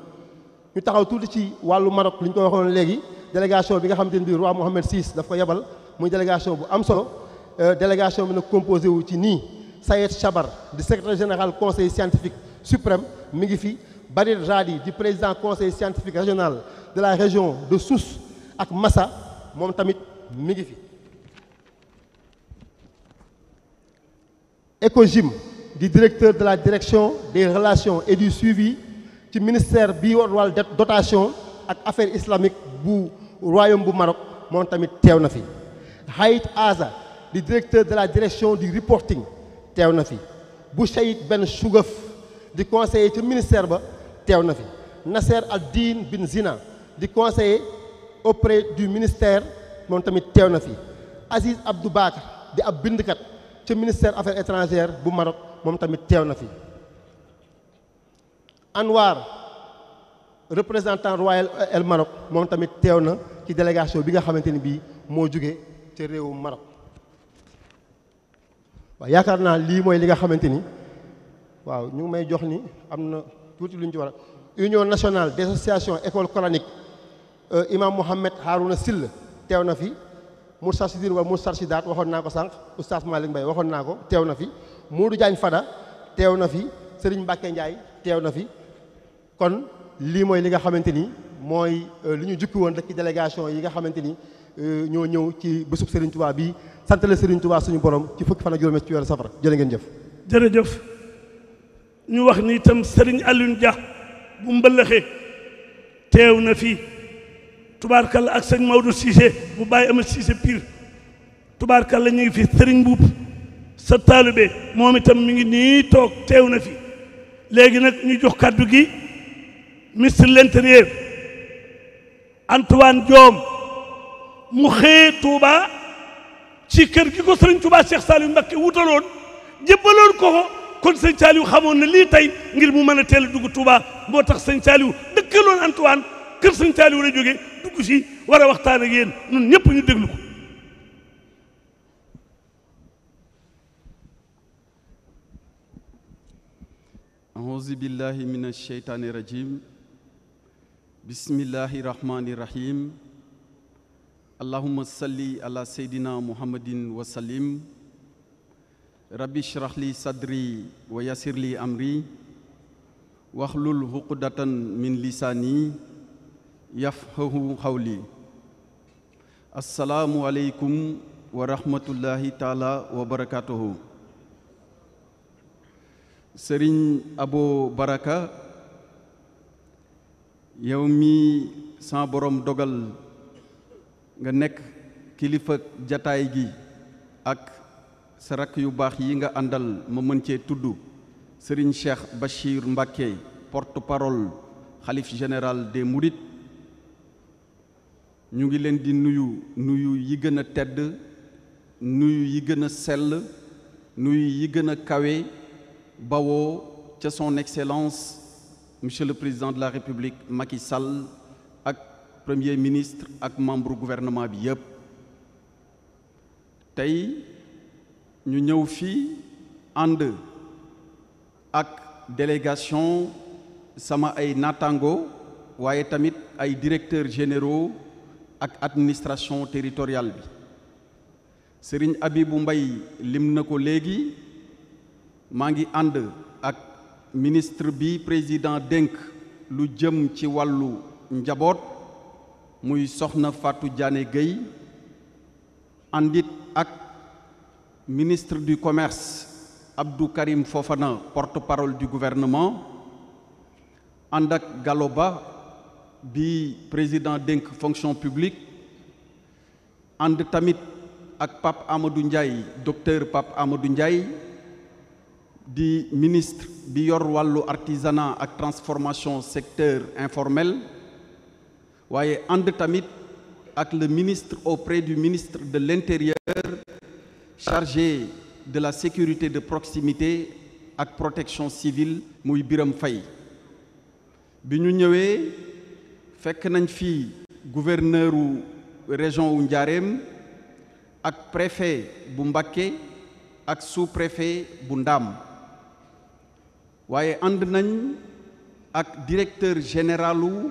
ñu taxaw tuuti ci wàllu Maroc li ñu ko waxoon léegi délégation bi nga xamante ne bii roi Mohammed VI daf ko yebal muy délégation bu am solo Euh, délégation bi nag composé wu ci nii Sayed Chabar di secrétaire général conseil scientifique suprême mi ngi fi Badir Radi di président conseil scientifique régional de la région de Souss ak Massa moom tamit mi ngi fi Ecojim di directeur de la direction des relations et du suivi ci ministère bi war wàll dotation ak affaires islamiques bu royaume bu Maroc moom tamit teew na fi Haït Aza di directeur de la direction du reporting teew na fi bu Boucheïd benn Chougaf di conseiller ca ministère ba teew na fi Nasser Al-Din Bin Zina di au auprès du ministère moom tamit teew na fi Aziz Abdou Bakar di ab bindkat ci ministère affaires étrangères bu Maroc moom tamit teew na fi Anwar représentant royal El Maroc moom tamit teew na ci délégation bi nga xamante ni bii moo jóge ca réewu Maroc yaakaar naa lii mooy li nga xamante ni waaw ñu may jox ni am na tuuti lu ñu ci war union nationale de associations école coranique euh, imam Mohamed na Sill teew na fi Moustarchidine wala Moustarchidaat waxoon naa ko sànq oustaz Malick Mbaye waxoon naa ko teew na fi Modou Diagne Fada teew na fi Serigne Mbacke Ndiaye teew na fi kon lii mooy li nga xamante ni mooy euh, lu ñu jukki woon rek ci délégation yi nga xamante ni euh, ñoo ñëw ci bésub Serigne Touba bi santale Serigne Touba suñu borom ci fukki fan ak juróom ci weeru safar jërë ngeen jëf jërëjëf ñu wax ni itam sëriñ Alioune Dia bu mbëllëxe teew na fii tubaarkalla ak sëñ Maodo Cissé bu bàyyi amal Cissé pire tubaarkalla ñu ngi fi Serigne Mbuub sa taalibe moom itam mu ngi nii toog teew na fi léegi nag ñu jox kàddu gi ministre l'intérieur Antoine Diome mu xëyee Touba ci kër gi ko sëriñ Tuubaa Cheikh Saliou Mbacké wutaloon jébbaloon ko ko kon sëñ Saliou xamoon na lii tey ngir mu mën a teel a dugg Touba moo tax sëñ Saliou dëkkaloon Antoine kër sëñ Saliou la jógee dugg si war waxtaan ak yéen ñun ñëpp ñu déglu ko. auzu billahi min asheytaani rajim bismillahi rahmaani rahim. allahuma salli ala seydina muhammadin wa sallim rabbi shrah li sadri wa yassir li amri waxlul xuqudatan min lisaani yafqahu xawli assalaamu aleykum wa rahmatullahi taala wa barakatuhu sëriñ abo baraka yow mi sa borom dogal nga nekk kilifa jataay gi ak sa rakk yu baax yi nga àndal ma mën cee tudd Serigne Cheikh Bachir Mbacké porte-parole xalif général de murit ñu ngi leen di nuyu nuyu yi gën a tedd nuyu yi gën a sell nuyu yi gën a kawe bawoo ca son excellence monsieur le président de la république Macky Sall premier ministre ak membre gouvernement bi yépp tey ñu ñëw fii ànd ak délégation sama ay naataango waaye tamit ay directeurs généraux ak administration territoriale bi sëriñ abi bu mbay lim na ko léegi maa ngi ànd ak ministre bi président dénk lu jëm ci wàllu njaboot muy soxna Fatou Diané Gueye àndit ak ministre du commerce Abdou Karim Fofana porte-parole du gouvernement ànd ak Gallo Ba bi président dénk fonction publique ànd tamit ak Pape Amadou Ndiaye docteur Pape Amadou Ndiaye di ministre bi yor wàllu artisanat ak transformation secteur informel waaye ànd tamit ak le ministre au auprès du ministre de l'intérieur chargé de la sécurité de proximité ak protection civile muy Biram Faye bi ñu ñëwee fekk nañ fi gouverneur wu région wu Njaareem ak préfet bu Mbacké ak sous-préfet bu Ndaam waaye ànd nañ ak directeur généralu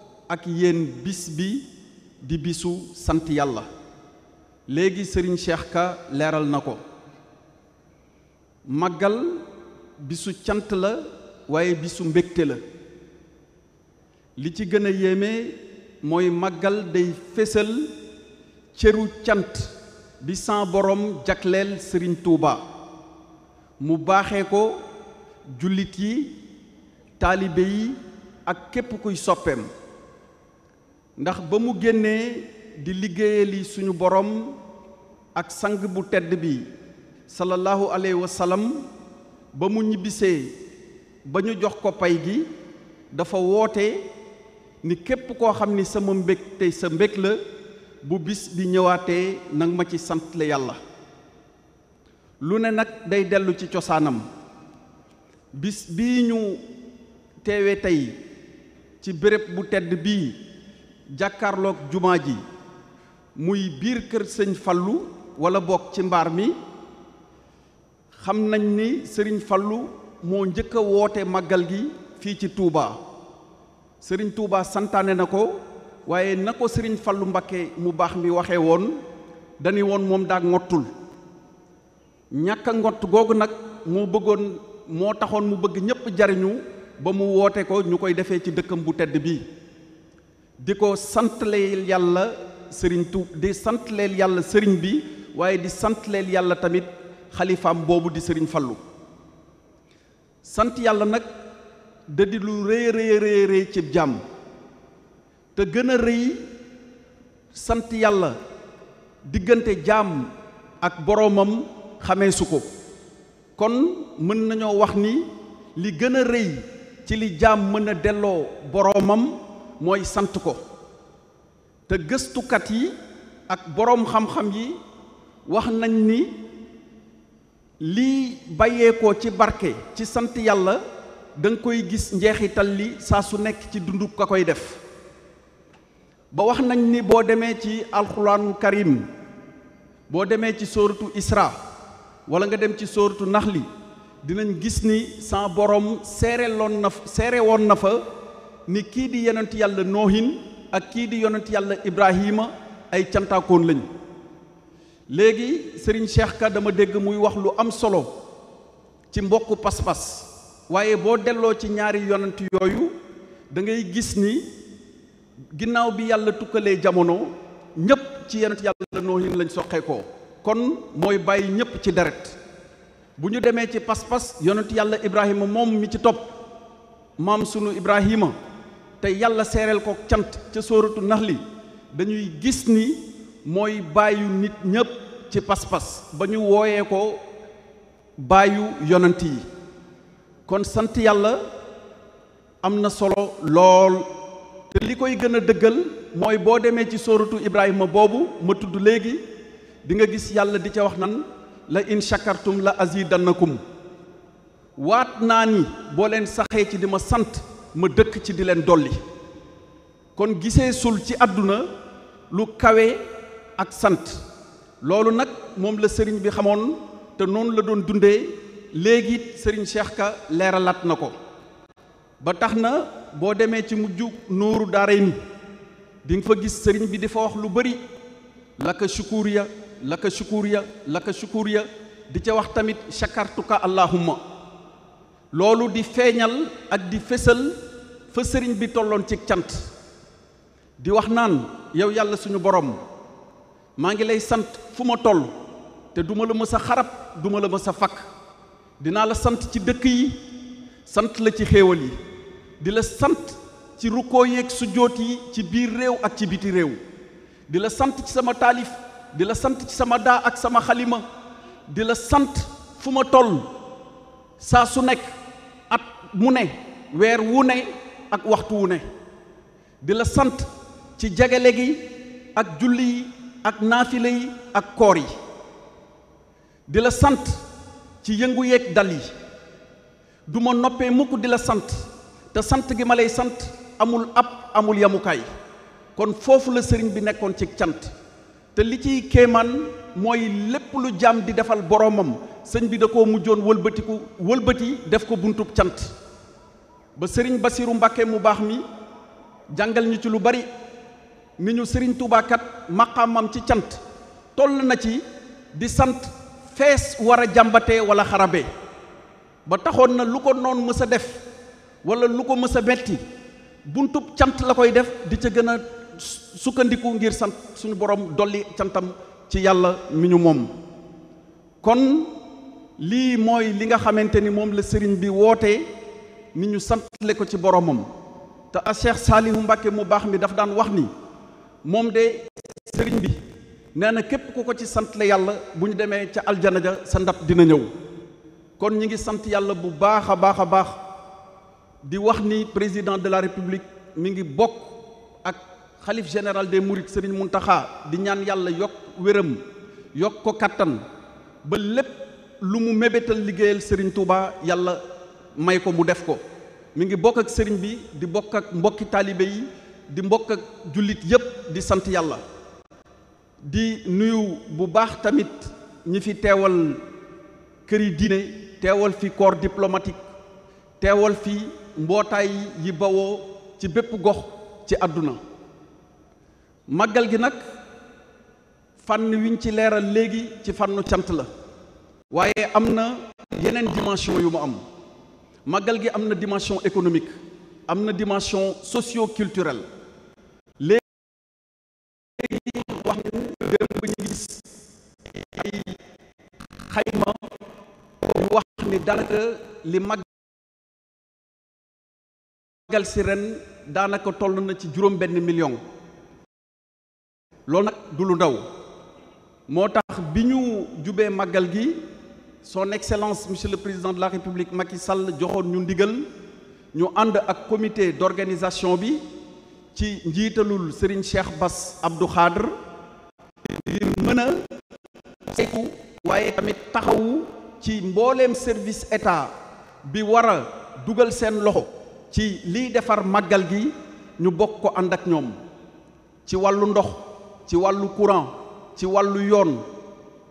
ak yéen bis bi di bisu sant yàlla léegi sëriñ Cheikh Ka leeral na ko màggal bisu cant la waaye bisu mbégte la li ci gën a yéeme mooy màggal day fésal cëru cant bi san boroom jagleel sëriñ Touba mu baaxe ko jullit yi taalibe yi ak képp kuy soppeem ndax ba mu génnee di liggéeyali suñu boroom ak sang bu tedd bi sallallahu alayhi wa sallam ba mu ñibbisee ba ñu jox ko pay gi dafa woote ni képp koo xam ni sama mbég tey sa mbég la bu bis bi ñëwaatee nag ma ci sant la yàlla lu ne nag day dellu ci cosaanam bis bii ñu teewee tey ci béréb bu tedd bii jàkkaarlook jumaa ji muy biir kër sëñ fallu wala bokk ci mbaar mi xam nañ ni sëriñ fallu moo njëkk a woote màggal gi fii ci tuubaa sëriñ tuubaa santaane na ko waaye na ko sëriñ fallu Mbakke mu baax mi waxe woon dañu woon moom daa ngottul ñàkk a ngott googu nag moo bëggoon moo taxoon mu bëgg ñépp jariñu ba mu woote ko ñu koy defee ci dëkkam bu tedd bii di ko santleel yàlla sëriñ tu di santleel yàlla sëriñ bi waaye di santleel yàlla tamit xalifaam boobu di sëriñ fallu sant yàlla nag da di lu rëy rëy rëy rëy ci jàmm te gën a rëy sant yàlla diggante jaam ak boroomam xamee ko kon mën nañoo wax ni li gën a rëy ci li jaam mën a delloo boroomam mooy sant ko te gëstukat yi ak boroom xam-xam yi wax nañ ni lii bàyyeekoo ci barke ci sant yàlla danga koy gis njeexital li saa su nekk ci dundu ka koy def ba wax nañ ni boo demee ci alxuraanu karim boo demee ci sóoratu isra wala nga dem ci sóoratu li dinañ gis ni sa boroom seere woon na fa ni kii di yonent yàlla noohin ak kii di yonent yàlla ibrahima ay cantaakoon lañu léegi sëriñ Cheikh Ka dama dégg muy wax lu am solo ci mbokk pas-pas waaye boo delloo ci ñaari yonent yooyu da ngay gis ni ginnaaw bi yàlla tukkalee jamono ñépp ci yonent yàlla noohin lañ soqee kon mooy bàyyi ñépp ci deret bu ñu demee ci pas-pas yonent yàlla ibrahima moom mi ci topp maam sunu ibrahima te yàlla seereel ko cant ca sóoratu nax li dañuy gis ni mooy bàyyu nit ñépp ci pas-pas ba ñu wooyee ko bàyyu yonent yi kon sant yàlla am na solo lool te li koy gën a dëggal mooy boo demee ci sóoratu ibrahima boobu ma tudd léegi di nga gis yàlla di ca wax nan la in shakartum la azidannakum waat naa ni boo leen saxee ci di ma sant ma dëkk ci di leen dolli kon gisee sul ci àdduna lu kawe ak sant loolu nag moom la sëriñ bi xamoon te noonu la doon dundee léegi sëriñ Cheikh Ka leeralaat na ko ba tax na boo demee ci mujj nuuru daara ni di nga fa gis sëriñ bi dafa wax lu bari laka shukuur ya laka shukuur ya laka shukuur ya di ca wax tamit shakartuka allahumma loolu di feeñal ak di fësal fa sëriñ bi tolloon ci cant di wax naan yow yàlla suñu borom maa ngi lay sant fu ma toll te duma la mës a xarab duma la mës a fakk dinaa la sant ci dëkk yi sant la ci xéewal yi di la sant ci rukkoo yeeg sujjóot yi ci biir réew ak ci biti réew di la sant ci sama taalif di la sant ci sama daa ak sama xalima di la sant fu ma toll saa su nekk at mu ne weer wu ne ak waxtu wu ne di la sant ci jagale gi ak julli yi ak naafile yi ak koor yi di la sant ci yëngu yeeg dal yi du ma noppee mukk di la sant te sant gi ma lay sant amul ab amul yamukaay kon foofu la sëriñ bi nekkoon ci cant te li ciy kéemaan mooy lépp lu jaam di defal boroomam sëñ bi da koo mujjoon wëlbatiku wëlbati def ko buntub cant ba sëriñ Basiru Mbàkke mu baax mi jàngal ñu ci lu bari ni ñu sëriñ Tuubaa kat ci cant toll na ci di sant fees war a jàmbatee wala xarabe ba taxoon na lu ko noon mës a def wala lu ko mës a metti buntub cant la koy def di ca gën a sukkandiku ngir sant suñu borom dolli cantam ci yàlla mi ñu moom kon lii mooy li nga xamante ni moom la sëriñ bi woote ni ñu sant santale ko ci boroomam te a Cheikh Saalihu Mbàkke mu baax mi daf daan wax ni moom de sëriñ bi nee na képp ku ko ci santale yàlla bu ñu demee ca aljana ja sa ndab dina ñëw kon ñu ngi sant yàlla bu baax a baax a baax di wax ni président de la république mi ngi bokk ak xalif général des mourides Serigne taxa di ñaan yàlla yokk wéram yokk ko kattan ba lépp lu mu mébétal liggéeyal sëriñ Touba yàlla may ko mu def ko mu ngi bokk ak Serigne bi di bokk ak mbokki taalibe yi di mbokk ak jullit yépp di sant yàlla di nuyu bu baax tamit ñi fi teewal këri diine teewal fi corps diplomatique teewal fi mbootaay yi bawoo ci bépp gox ci àdduna màggal gi nag fànn wiñ ci leeral léegi ci fànnu cant la waaye am na yeneen dimension yu mu am màggal gi am na dimension économique am na dimension socio-culturelle léegi wax démb ñu ay xayma ñu wax ni daanaka li màggal si ren daanaka toll na ci juróom benn million loolu nag du lu ndaw moo tax bi ñu jubee màggal gi son excellence monsieur le président de la république Macky Sall joxoon ñu ndigal ñu ànd ak comité d'organisation bi ci njiitalul Serigne Cheikh Bass Abdou Khadre ngir mën a waaye tamit taxawu ci mbooleem service état bi war a dugal seen loxo ci liy defar màggal gi ñu bokk ko ànd ak ñoom ci wàllu ndox ci wàllu courant ci wàllu yoon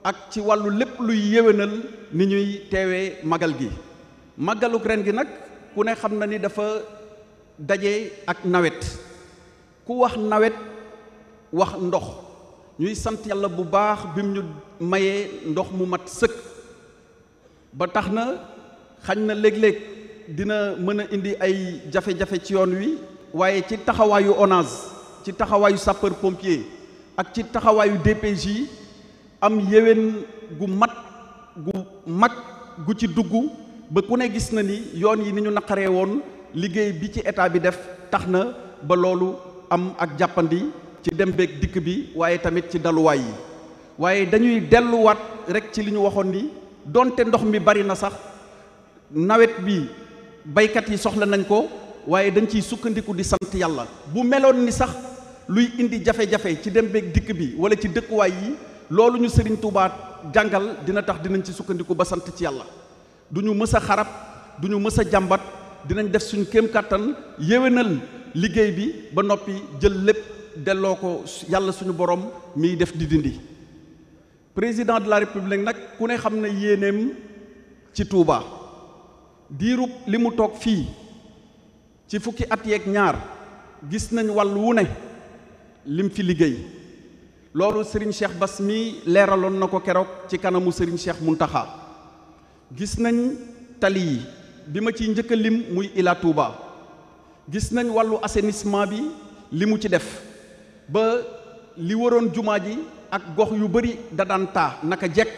ak ci wàllu lépp luy yéwénal ni ñuy teewee magal gi magaluk ren gi nag ku ne xam na ni dafa daje ak nawet ku wax nawet wax ndox ñuy sant yàlla bu baax bi mu ñu mayee ndox mu mat sëkk ba tax na xañ na léeg-léeg dina mën a indi ay jafe-jafe ci yoon wi waaye ci taxawaayu ONAS ci taxawaayu sapeur pompier ak ci taxawaayu DPJ am yéwén gu mat gu mag gu ci dugg ba ku ne gis na ni yoon yi ni ñu naqaree woon liggéey bi ci état bi def tax na ba loolu am ak jàppandi ci dem beeg dikk bi waaye tamit ci daluwaay yi waaye dañuy delluwaat rek ci li ñu waxoon ni donte ndox mi bari na sax nawet bi baykat yi soxla nañ ko waaye dañ ciy sukkandiku di sant yàlla bu meloon ni sax luy indi jafe-jafe ci dem beeg dikk bi wala ci dëkkuwaay yi loolu ñu sëriñ Tuubaa jàngal dina tax dinañ ci sukkandiku ba sant ci yàlla du ñu mës a xarab du ñu mës a jàmbat dinañ def suñu kéem kattan yéwénal liggéey bi ba noppi jël lépp delloo ko yàlla suñu borom miy def di dindi président de la république nag ku ne xam ne yéeneem ci tuuba diirub li mu toog fii ci fukki at yeeg ñaar gis nañ wàll wu ne lim fi liggéey loolu Serigne Cheikh Bass mi leeraloon na ko keroog ci kanamu Serigne Cheikh Muntaxa gis nañ tali yi bi ma ci njëkk lim muy Ila Touba gis nañ wàllu assainissement bi li mu ci def ba li waroon jumaa ji ak gox yu bari da daan naka jekk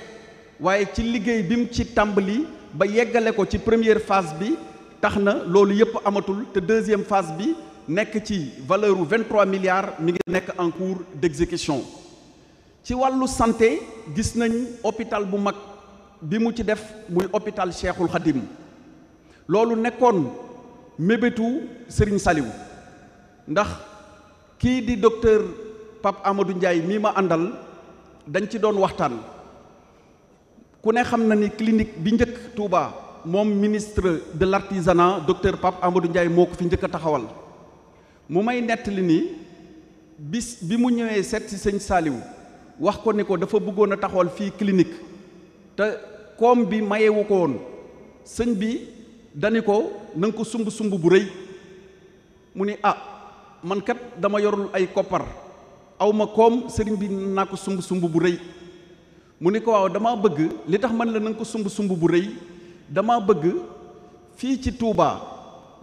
waaye ci liggéey bi mu ci tàmbali ba yeggale ko ci première phase bi tax na loolu yëpp amatul te deuxième phase bi nekk ci valeur u 23 milliards mi ngi nekk en cours d'exécution ci wàllu santé gis nañ hôpital bu mag bi mu ci def muy hôpital Cheikhul Khadim loolu nekkoon mébétu Serigne Saliou ndax kii di docteur Pape Amadou Ndiaye mii ma àndal dañ ci doon waxtaan ku ne xam na ni clinique bi njëkk Touba moom ministre de l'artisanat docteur Pape Amadou njaay moo ko fi njëkk a taxawal mu may nettali nii bis bi mu ñëwee seet si sëñ saaliw wax ko ni ko dafa bëggoon a taxawal fii clinique te koom bi mayewu ko woon sëñ bi dani ko na ko sumb sumb bu rëy mu ni ah man kat dama yorul ay koppar awma koom sëriñ bi naa ko sumb sumb bu rëy mu ni ko waaw damaa bëgg li tax man la nanga ko sumb sumb bu rëy damaa bëgg fii ci tuubaa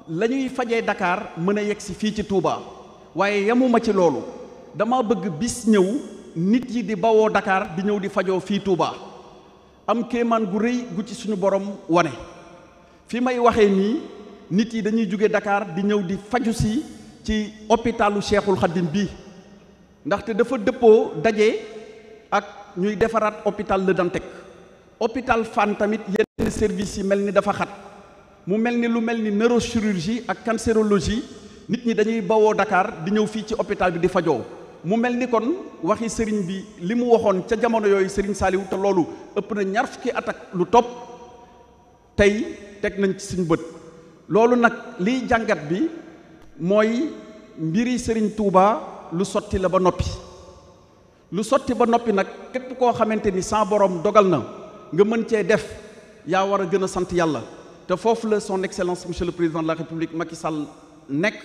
la ñuy fajee dakaar mën a yegg si fii ci Touba waaye yemuma ci loolu dama bëgg bis ñëw nit yi di bawoo dakaar di ñëw di fajoo fii Touba am kéemaan gu rëy gu ci suñu borom wane fi may waxee nii nit yi dañuy jóge dakaar di ñëw di faju si ci hôpitalu Cheikhul xaddin bi ndaxte dafa dëppoo daje ak ñuy defaraat hôpital Le Dantec hôpital Fann tamit yenn service yi mel ni dafa xat mu mel ni lu mel ni neurochirurgie ak cancérologie nit ñi dañuy bawoo dakaar di ñëw fii ci hôpital bi di fajoo mu mel ni kon waxi sëriñ bi li mu waxoon ca jamono yooyu sëriñ Saliou te loolu ëpp na ñaar fukki at lu topp tey teg nañ ci suñ bët loolu nag liy jàngat bi mooy mbiri sëriñ tuubaa lu sotti la ba noppi lu sotti ba noppi nag képp koo xamante ni sa borom dogal na nga mën cee def yaa war a gën a sant yàlla te foofu la son excellence monsieur le président de la république Macky nekk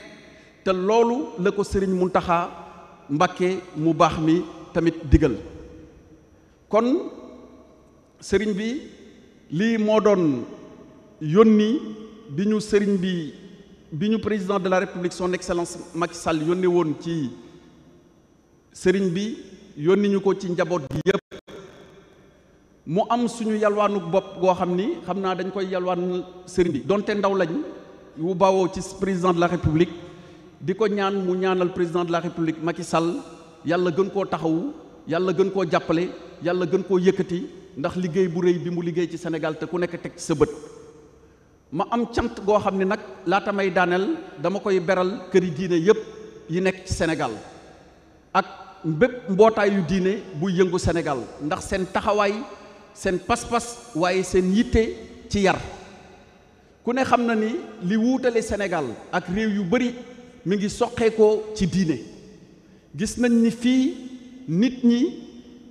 te loolu la ko sëriñ Serigne Mountakha Mbacké mu baax mi tamit digal kon sëriñ bi lii moo doon yónni bi ñu sëriñ bi bi ñu président de la république son excellence Macky Sall yónni woon ci sëriñ bi yónni ñu ko ci njaboot gi yëpp. mu am suñu yalwaanu bopp goo xam ni xam naa dañ koy yalwaan sëriñ bi donte ndaw lañ wu bawoo ci président de la république di ko ñaan mu ñaanal président de la république Macky Sall yàlla gën koo taxawu yàlla gën koo jàppale yàlla gën koo yëkkati ndax liggéey bu réy bi mu liggéey ci Sénégal te ku nekk teg ci sa bët ma am cant goo xam ni nag laata may daaneel dama koy beral këri diine yépp yi nekk ci senegal ak bépp mbootaayu diine buy yëngu Sénégal seen pas-pas waaye seen yitte ci yar ku ne xam na ni li wuutale Sénégal ak réew yu bari mu ngi soqeekoo ci diine gis nañ ni fii nit ñi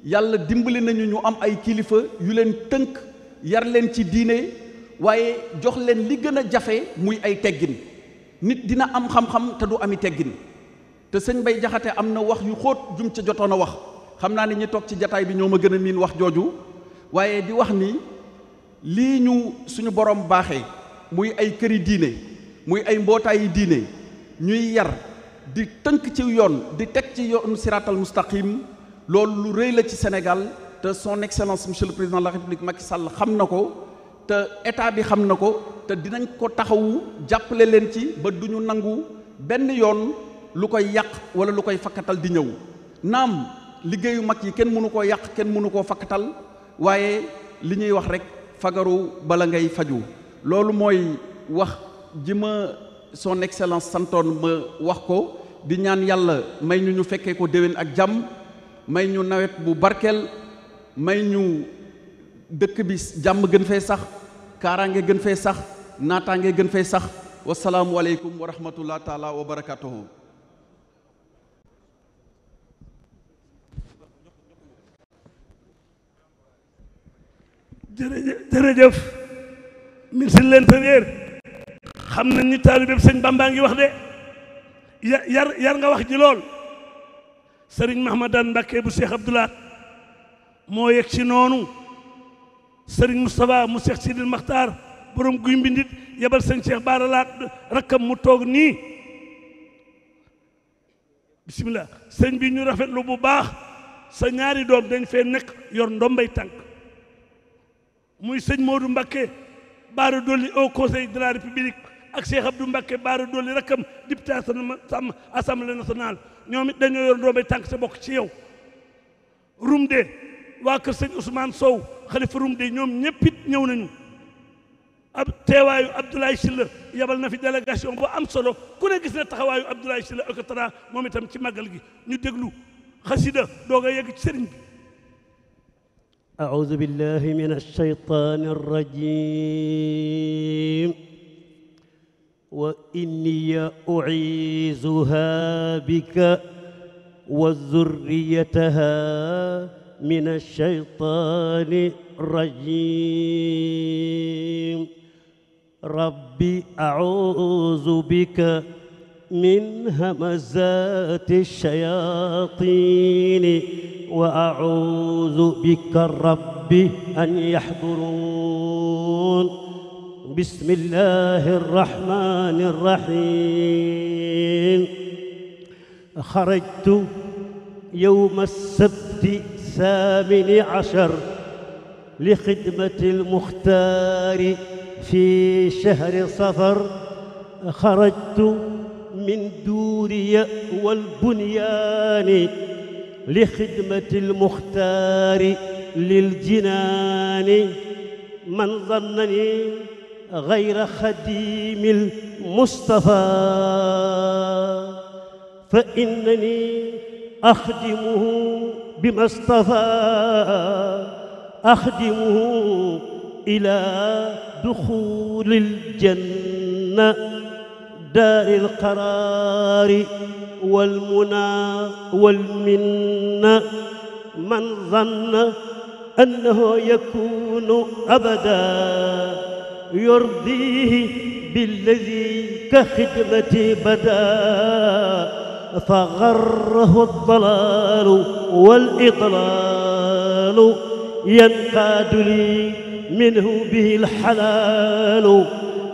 yàlla dimbali nañu ñu am ay kilifa yu leen tënk yar leen ci diine waaye jox leen li gën a jafe muy ay teggin nit dina am xam-xam te du ami teggin te sëñ Bay Jaxate am na wax yu xóot jum ca jotoon a wax xam naa ni ñu toog ci jataay bi ñoo ma gën a miin wax jooju waaye di wax ni lii ñu suñu borom baaxee muy ay këri diine muy ay mbootaay mbootaayi diine ñuy yar di tënk ci yoon di teg ci yoon siraatal mustaqim loolu lu rëy la ci Sénégal te son excellence monsieur le président de la république Macky Sall xam na ko te état bi xam na ko te dinañ ko taxawu jàppale leen ci ba duñu nangu benn yoon lu koy yàq wala lu koy fakkatal di ñëw naam liggéeyu mag yi kenn mënu koo yàq kenn mënu koo fakkatal waaye li ñuy wax rek fagaru bala ngay faju loolu mooy wax ji ma son excellence santoon ma wax ko di ñaan yàlla may ñu ñu fekkee ko déwén ak jàmm may ñu nawet bu barkeel may ñu dëkk bi jàmm gën fee sax kaaraange gën fa sax naataange gën fee sax wasalaamualeykum wa rahmatullah taala wa barakatuhu jërëjëf jërëjëf ministre de l'intérieur xam nañ ni taalibe sëñ Bamba ngi wax de yar yar nga wax ji lool sëriñ Mahmadan Mbakke bu Cheikh Abdoulaat moo yegg ci noonu sëriñ Moustapha mu Cheikh Sidil Makhtar borom guy mbindit yebal sëñ Cheikh Baara Laat rakkam mu toog nii bisimilah sëñ bi ñu rafetlu bu baax sa ñaari doom dañ fee nekk yor ndombay tànk muy sëñ Modou Mbakke Baara Dolli au conseil de la république ak Cheikh Abdou Mbakke Baara Dolli rakkam député sàmm assemblée nationale ñoom it dañoo yor ndoomay tànk sa bokk ci yow. Rumde waa kër sëñ Ousmane Sow rum de ñoom ñëpp it ñëw nañu ab teewaayu Abdoulaye Sylla yabal na fi délégation bu am solo ku ne gis na taxawaayu Abdoulaye Sylla Alcantara moom itam ci màggal gi ñu déglu xasida doog a yegg ci sëriñ bi. أعوذ بالله من الشيطان الرجيم وإني أعيذها بك وذريتها من الشيطان الرجيم ربي أعوذ بك من همزات الشياطين وأعوذ بك رب أن يحضرون بسم الله الرحمن الرحيم خرجت يوم السبت الثامن عشر لخدمة المختار في شهر صفر خرجت من دوري والبنيان لخدمة المختار للجنان من ظنني غير خديم المصطفى فإنني أخدمه بما اصطفى أخدمه إلى دخول الجنة دار القرار والمنى والمنة من ظن أنه يكون أبدا يرضيه بالذي كخدمة بدا فغره الضلال والإضلال ينقاد لي منه به الحلال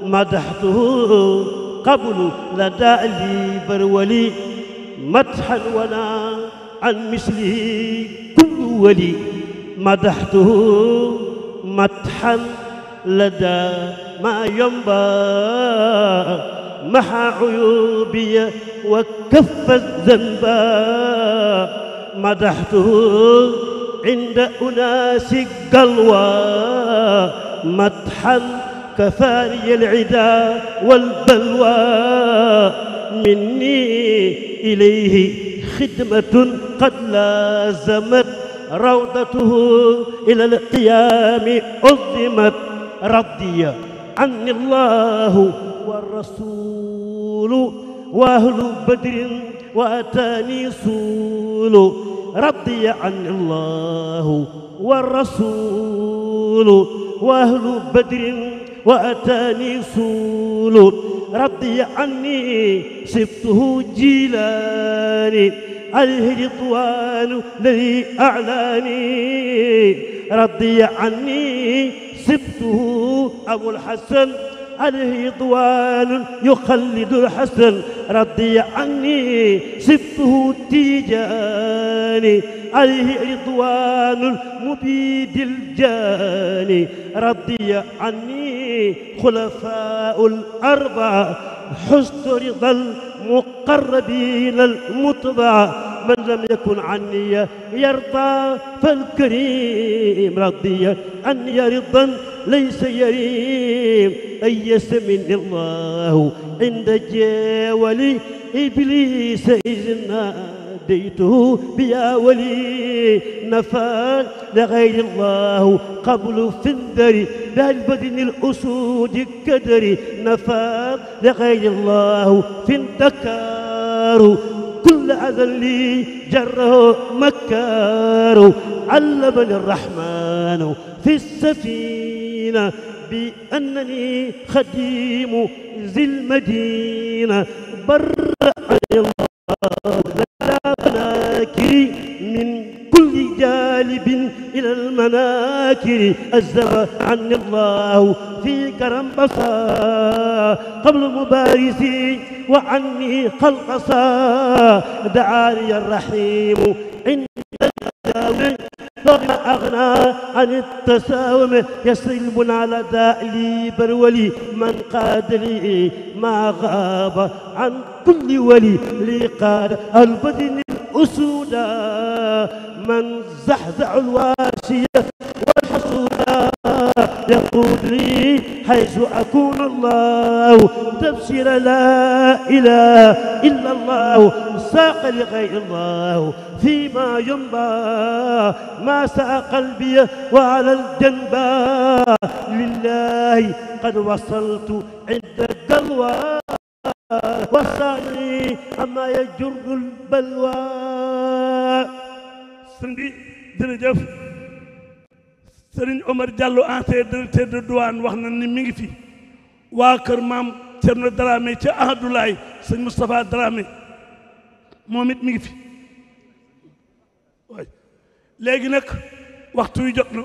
مدحته قبل لدى لي برولي مدحا ولا عن مثله كل ولي مدحته مدحا لدى ما ينبغي محى عيوبي وكف الذنب مدحته عند أناس قلوى مدحا كفاني العدا والبلوى مني إليه خدمة قد لازمت روضته إلى القيام عظمت رضي عني الله والرسول وأهل بدر وأتاني سول رضي عني الله والرسول وأهل بدر وأتاني سول رضي عني سبته جيلاني عليه رضوان لي أعلاني رضي عني سبته أبو الحسن عليه طوال يخلد الحسن رضي عني سبته تيجاني عليه رضوان المبيد الجاني رضي عني خلفاء الأربعة حسن رضا المقربين المطبع من لم يكن عني يرضى فالكريم رضي عني رضا ليس يريم أيس من الله عند جاولي إبليس إذ فديته بيا ولي نفى لغير الله قبل فندري بأجبد الأسود كدري نفى لغير الله في الدكار كل أذى لي جره مكار علمني الرحمن في السفينة بأنني خديم ذي المدينة برأني الله جالب إلى المناكر أزدر عني الله في كرم بصا قبل مبارسي وعني خلق صا دعاني الرحيم عند التساوم رغم أغنى عن التساوم يسري المنال لي برولي من قاد لي ما غاب عن كل ولي لي قاد البدن الأسودا من زحزح الواشية والحصولة يقول لي حيث أكون الله تبشير لا إله إلا الله ساق لغير الله فيما ينبى ما سعى قلبي وعلى الجنب لله قد وصلت عند القلوى وصاني أما يجر البلوى sën bi jërëjëf sëriñ Omar Diallo ancien directeur de wax na ni mi ngi fi waa kër maam Thierno Dramé ca Ahadulaay sëñ Moustapha Dramé moom it mi ngi fi léegi nag waxtu yu jot na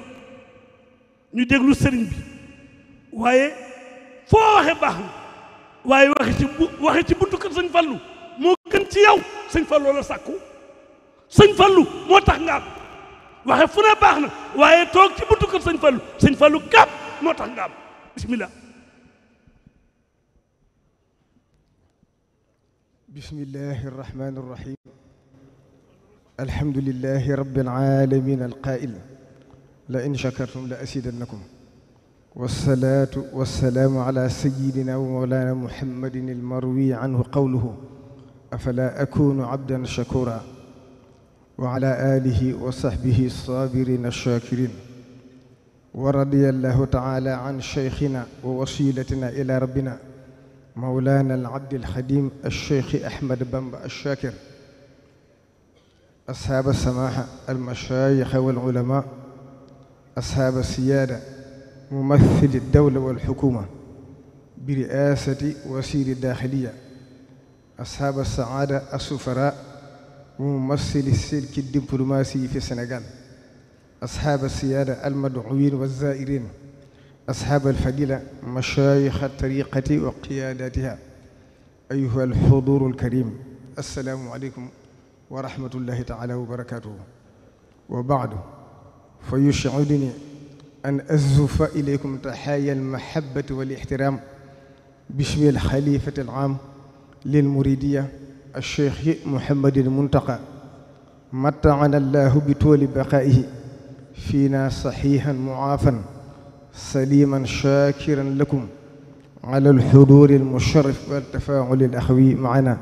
ñu déglu sëriñ bi waaye foo waxe baax na waaye waxe ci bu waxe ci buntu kër sëñ Fallou moo gën ci yow sëñ Fallou la sàkku sëñ fallu moo tax nga am waxe fu ne baax na waaye toog ci buntu kër sëñ fallu sëñ fallu gàpp moo tax nga am bismillah bismillahi arrahmani irrahim alhamdulilahi rabbil alamin alqail la in shakartum la asidannakum wasalaatu wasalaamu ala sayidina wa mawlana muhammadin almarwi anhu qawluhu afala akunu abdan shakura wa ala alihi wa sahbihi saabiriin ash-shaakiriin wa radiya allahu taala an sheykhina wa wasilatina ila rabbina mawlana al-abdi al-xadim ash-sheykh Ahmad Bamba ash-shaakir ashaab as-samaaha al-mashaayikh wal-ulamaa ashaab as-siyaada mumathili ad-dawla wal-xukuuma bi ri'aasati wasiili daaxiliya ashaab as-saada as-sufaraa ممثل السلك الدبلوماسي في السنغال أصحاب السيادة المدعوين والزائرين أصحاب الفضيلة مشايخ الطريقة وقياداتها أيها الحضور الكريم السلام عليكم ورحمة الله تعالى وبركاته وبعد فيشعرني أن أزف إليكم تحايا المحبة والاحترام باسم الخليفة العام للمريدية الشيخ محمد المنتقى متعنا الله بطول بقائه فينا صحيحا معافا سليما شاكرا لكم على الحضور المشرف والتفاعل الأخوي معنا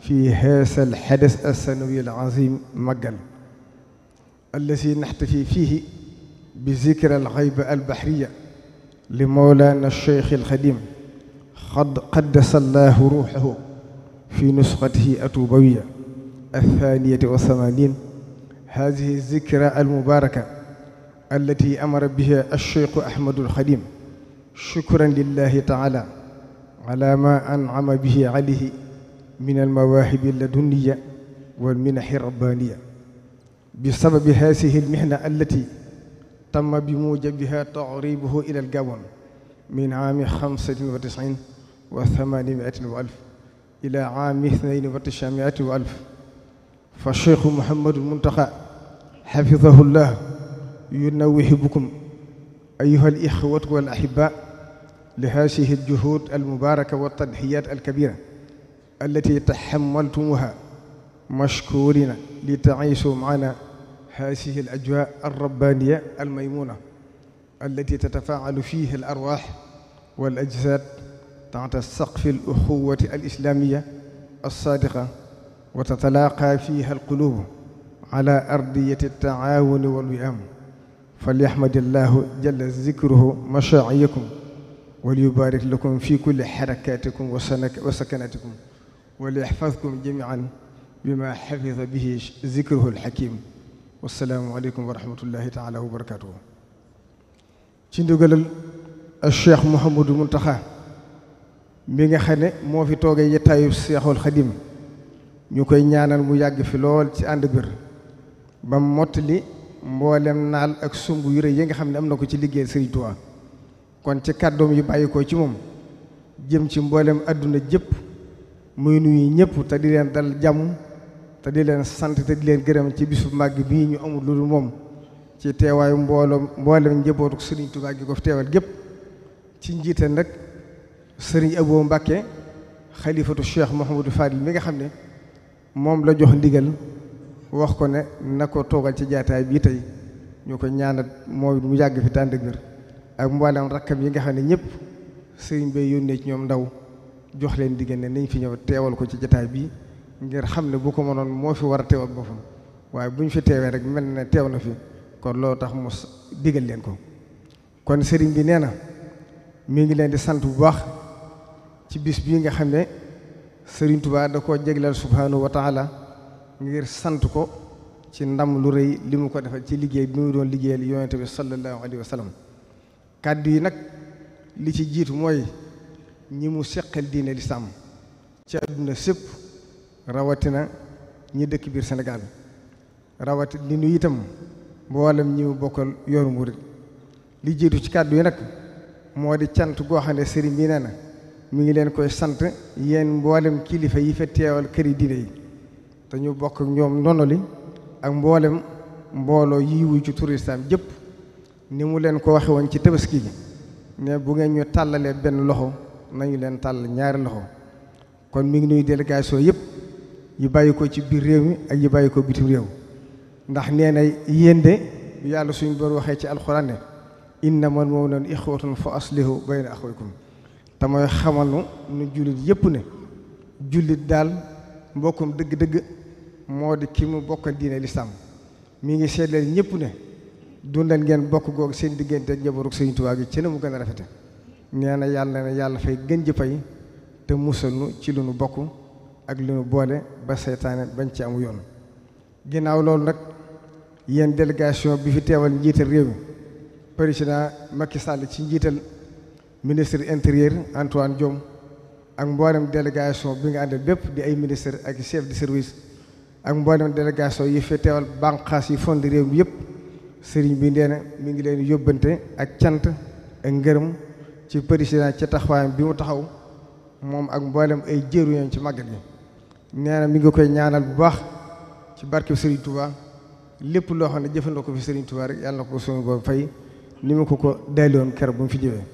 في هذا الحدث السنوي العظيم مجل الذي نحتفي فيه بذكرى الغيبة البحرية لمولانا الشيخ الخديم قد قدس الله روحه في نسخته التوبوية الثانية والثمانين هذه الذكرى المباركة التي أمر بها الشيخ أحمد الخليم شكرا لله تعالى على ما أنعم به عليه من المواهب اللدنية والمنح الربانية بسبب هذه المحنة التي تم بموجبها تعريبه إلى الجوان من عام خمسة وتسعين وثمانمائة وألف ila aami ithnayn wa tishamiati wa alf fa cheikhu muhammadu muntaxa xafidahu llah yunawihibukum ayuha al ixwatu wal ahiba li hadihi aljuhud almubaraka wa tadhiyat alkabira allati taxamaltumuha mashkurina li taisuu maana hadihi alajwa alrabbaniya almaymuna allati tatafaalu fiha alarwax wal ajsad taxta saqfi al uxuwati al islaamiya alsaadiqa wa tatalaaqa fiha alqulubu ala ardiyati altaawuni walwiam falyaxmadi llahu jalla zikruhu mashaaciyakum walyubaarik lakum fi kulli xarakatikum wa sakanatikum walyaxfadkum jamican bima xafida bihi zikruhu alxakim wassalaamu aleykum wa rahmatullahi taala wa barakatuhu ci ndigalal cheikh Mouhamadou Mountakha mi nga xam ne moo fi toogee yetaayu seexul xadim ñu koy ñaanal mu yàgg fi lool ci ànd bir ba mottali mboolem naal ak sumb yu rëy yi nga xam ne am na ko ci liggéey Sëriñ kon ci kàddoom yu bàyyi ko ci moom jëm ci mboolem àdduna jëpp muy nuyu ñëpp te di leen dal jàmm te di leen sant te di leen gërëm ci bisu màgg bii ñu amul lu moom ci teewaayu mbooloo mboolem njëbootu Sëriñ ko fi teewal gépp ci njiite nag sëriñ Abo Mbàkke xalifatu cheikh Mouhamadou Fadil mi nga xam ne moom la jox ndigal wax ko ne na ko toogal ci jaataay bii tey ñu ko ñaana mooy mu yàgg fi tànd gër ak mboolem rakkam yi nga xam ne ñëpp sëriñ bay yónnee ci ñoom ndaw jox leen digal ne nañ fi ñëw teewal ko ci jataay bii ngir xam ne bu ko mënoon moo fi war a teewal boppam waaye bu ñu fi teewee rek mel na teew na fi kon loolu tax mu diggal leen ko kon sëriñ bi nee na mi ngi leen sant bu baax ci bis bii nga xam ne Serigne Touba da koo jegleel subhanahu wa ngir sant ko ci ndam lu rëy li mu ko defal ci liggéey bi mu doon liggéeyal yonente bi sallallahu alayhi wa kàddu yi nag li ci jiitu mooy ñi mu seqal diine lislaam ci àdduna sépp rawatina ñi dëkk biir Sénégal rawati li nu itam mboolem ñi mu bokkal yoonu murit li jiitu ci kàddu yi nag moo di cant goo xam ne sëriñ bi nee na mi ngi leen koy sant yéen mboolem kilifa yi fa teewal këri diine yi dañu ñu bokk ñoom ndono li ak mboolem mbooloo yi ci turistam jëpp ni mu leen ko waxe woon ci tabaski gi ne bu ngeen ñu tàllalee benn loxo nañu leen tàll ñaari loxo kon mi ngi nuy délégation yëpp yu bàyyi ko ci biir réew mi ak yu bàyyi ko bitim réew ndax nee na yéen de yàlla suñu bor waxee ci alxuraan ne innamal mu'minuuna ixwatun fa aslihu bayna axawaykum te mooy nu nu jullit yépp ne jullit daal mbokkum dëgg-dëgg moo di ki mu bokk diine lislaam mi ngi seedleen ñëpp ne dundal ngeen bokk googu seen diggante ak njaboru Sëriñ gi ci mu gën a rafete nee na yàlla ne yàlla fay gën ji pay te musal nu ci lu nu bokk ak lu nu boole ba seytaane bañ ci amu yoon ginnaaw loolu nag yéen délégation bi fi teewal njiital réew mi président Macky Sall ci njiital ministre intérieur Antoine Diome ak mboolem délégation bi nga àndal bépp di ay ministre ak chef de service ak mboolem délégation yi fi teewal banqaas yi fond réew mi yëpp sëriñ bi nee na mi ngi leen yóbbante ak cant ngërëm ci président ci taxawaayam bi mu taxaw moom ak mboolem ay jëruñam ci màggal gi nee na mi ngi koy ñaanal bu baax ci barkeb sëriñ Touba lépp loo xam ne jëfandoo ko fi sëriñ Touba rek yàlla na ko suñu boobu fay ni mu ko ko dayloon ker bu mu fi jëwee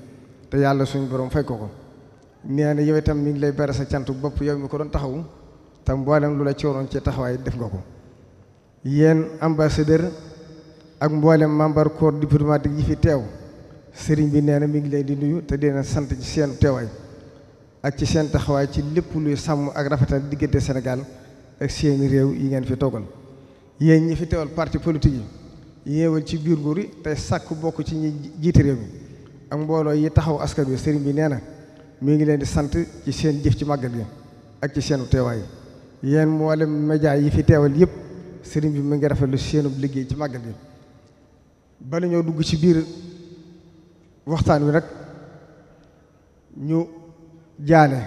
te yàlla suñu borom fay ko ko nee na yow itam mi ngi lay bere sa cant bopp yow mi ko doon taxawu te mboolem lu la ci cooroon ci taxawaay def nga ko. yéen ambassadeur ak mboolem membre corps diplomatique yi fi teew sëriñ bi nee na mi ngi leen di nuyu te dina sant ci seen teewaay ak ci seen taxawaay ci lépp luy sàmm ak rafetal diggante Sénégal ak seeni réew yi ngeen fi toggal yéen ñi fi teewal parti politique yi yéewal ci biir nguur yi te sàkk bokk ci ñi jiite réew ak mbooloo yi taxaw askan wi sëriñ bi nee na mi ngi leen di sant ci seen jëf ci màggal gi ak ci seenu teewaay yéen mboolem média yi fi teewal yëpp sëriñ bi mu ngi rafetlu seenub liggéey ci màggal gi bala ñoo dugg ci biir waxtaan wi rek ñu jaale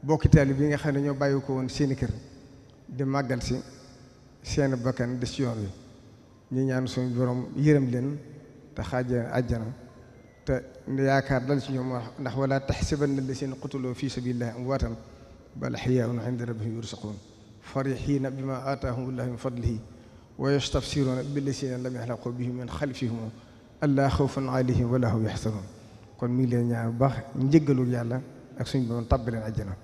bokki taalibe bi nga xam ne ñoo bàyyi ko woon seeni kër di màggal si seen bakkan des yoon wi ñu ñaan suñu borom yërëm leen te xaaj leen te yaakaar dal ci ñoom ndax wala taxsabanna allazina qutiluu fi sabilillahi amwaatan bal ahyaa'un inda rabbihim yurzaquun farihiina bimaa aataahumullahu min fadlihi wa yastafsiruuna billazina lam yaxlaqu bihim min xalfihim allaa xawfun alayhim wala hum yaxzanuun kon mi ngi leen ñaan bu baax njëggalul yàlla ak suñu borom tàbbi leen àjjana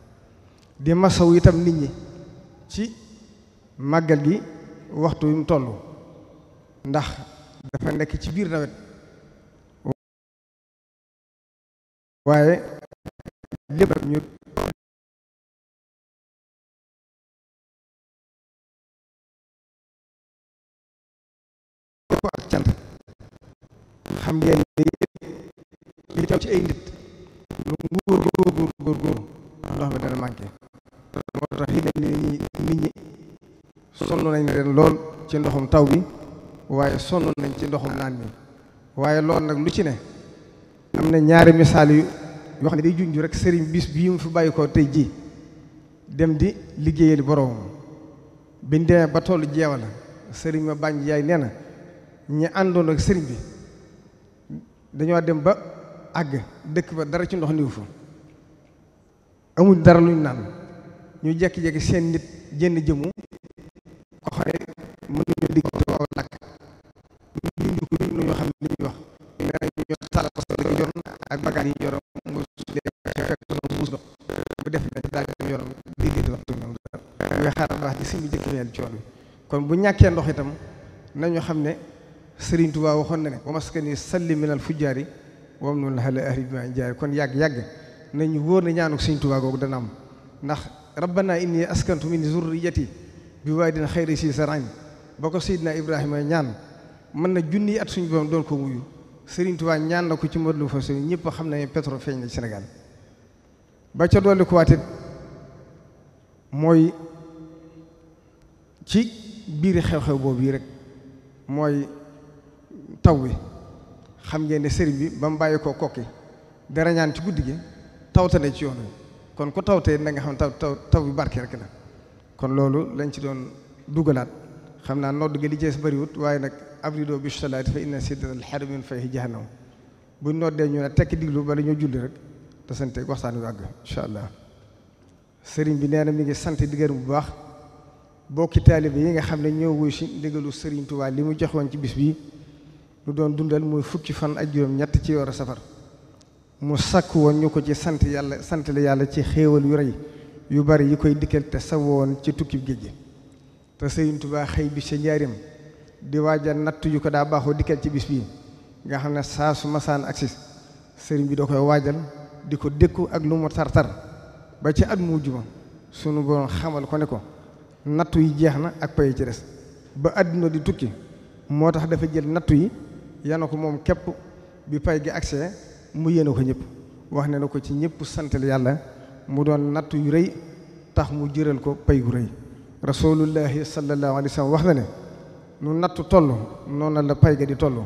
di masaw itam nit ñi ci màggal gi waxtu wi mu toll ndax dafa nekk ci biir nawet waaye lépp ñu ko xam ngeen ci ay nit lu nguur góor góor góor ndox mi dana manqué moo tax yi ne nit ñi sonn nañ ren lool ci ndoxum taw bi waaye sonn nañ ci ndoxum naan bi waaye lool nag lu ci ne am na ñaari misaal yu yoo xam ne day junj rek sëriñ bis bii mu fi bàyyi ko tey ji dem di liggéeyal boroom biñ demee ba tollu jeewal sëriñ ma bàñ yaay nee na ñi àndoon ak sëriñ bi dañoo dem ba àgg dëkk ba dara ci ndox niwu fa amuñ dara luñ naan ñu jekki-jekki seen nit jënd jëmu ko xare mënuñu digg waaw làkk ñu ak bagaan yi yoroom nga fekk na bu xaaral baax ci simi jëkkëneel coon bi kon bu ñàkkee ndox itam nañu xam ne Sëriñ Tuubaa waxoon na ne wa maskani salli minal fujjaari wam noonu la xale ahli bi ma jaari kon yàgg-yàgg nañu wóor ne ñaanuk Sëriñ Tuubaa googu dana am ndax rabbana inni askantu min zurriyati bi waay dina xëyri si sarañ ba ko Seydina Ibrahima ñaan mën na junni at suñu borom doon ko wuyu Serigne Touba ñaan na ko ci Modou Lo Fousseyni ñëpp xam nañu ne feeñ na ci Sénégal ba ca dolli ko waat mooy ci biir xew-xew boobu yi rek mooy taw bi xam ngeen ne sëriñ bi ba mu bàyyi koo kokki dara ñaan ci guddi gi tawte na ci yoon wi kon ku tawtee na nga xam taw taw taw bi barke rek la kon loolu lañ ci doon dugalaat xam naa nodd ga li jees bariwut waaye nag abrido bi salaati fa inna sidratal xarami min fayhi jahannam buñ noddee ñu ne tekk diglu bala ñoo julli rek te sante waxtaan wi àgg incha allah sëriñ bi nee na mi ngi sant di bu baax bokki taalibe yi nga xam ne ñoo wuy si ndigalu sëriñ Tuubaa li mu jox woon ci bis bi lu doon dundal muy fukki fan ak juróom ñett ci a safar mu sakk woon ñu ko ci sant yàlla sant la yàlla ci xéewal yu rëy yu bari yi koy dikkal te ci tukki géej gi te Sëriñ Tuubaa xëy bi ca njaarim di waajal natt yu ko daa baaxoo dikkal ci bis bii nga xam ne saa su masaan agsi sëriñ bi doo koy waajal di ko dékku ak lu mu tar-tar ba ci at mu juma sunu borom xamal ko ne ko nattu yi jeex na ak pay ci des ba àdduna di tukki moo tax dafa jël nattu yi yana ko moom képp bi pay gi agsee mu yéene ko ñëpp wax ne na ko ci ñëpp santal yàlla mu doon nattu yu rëy tax mu jëral ko pay gu rëy rasulullahi sallallahu alayhi wa sallam wax na ne nu nattu toll noonu la pay ga di toll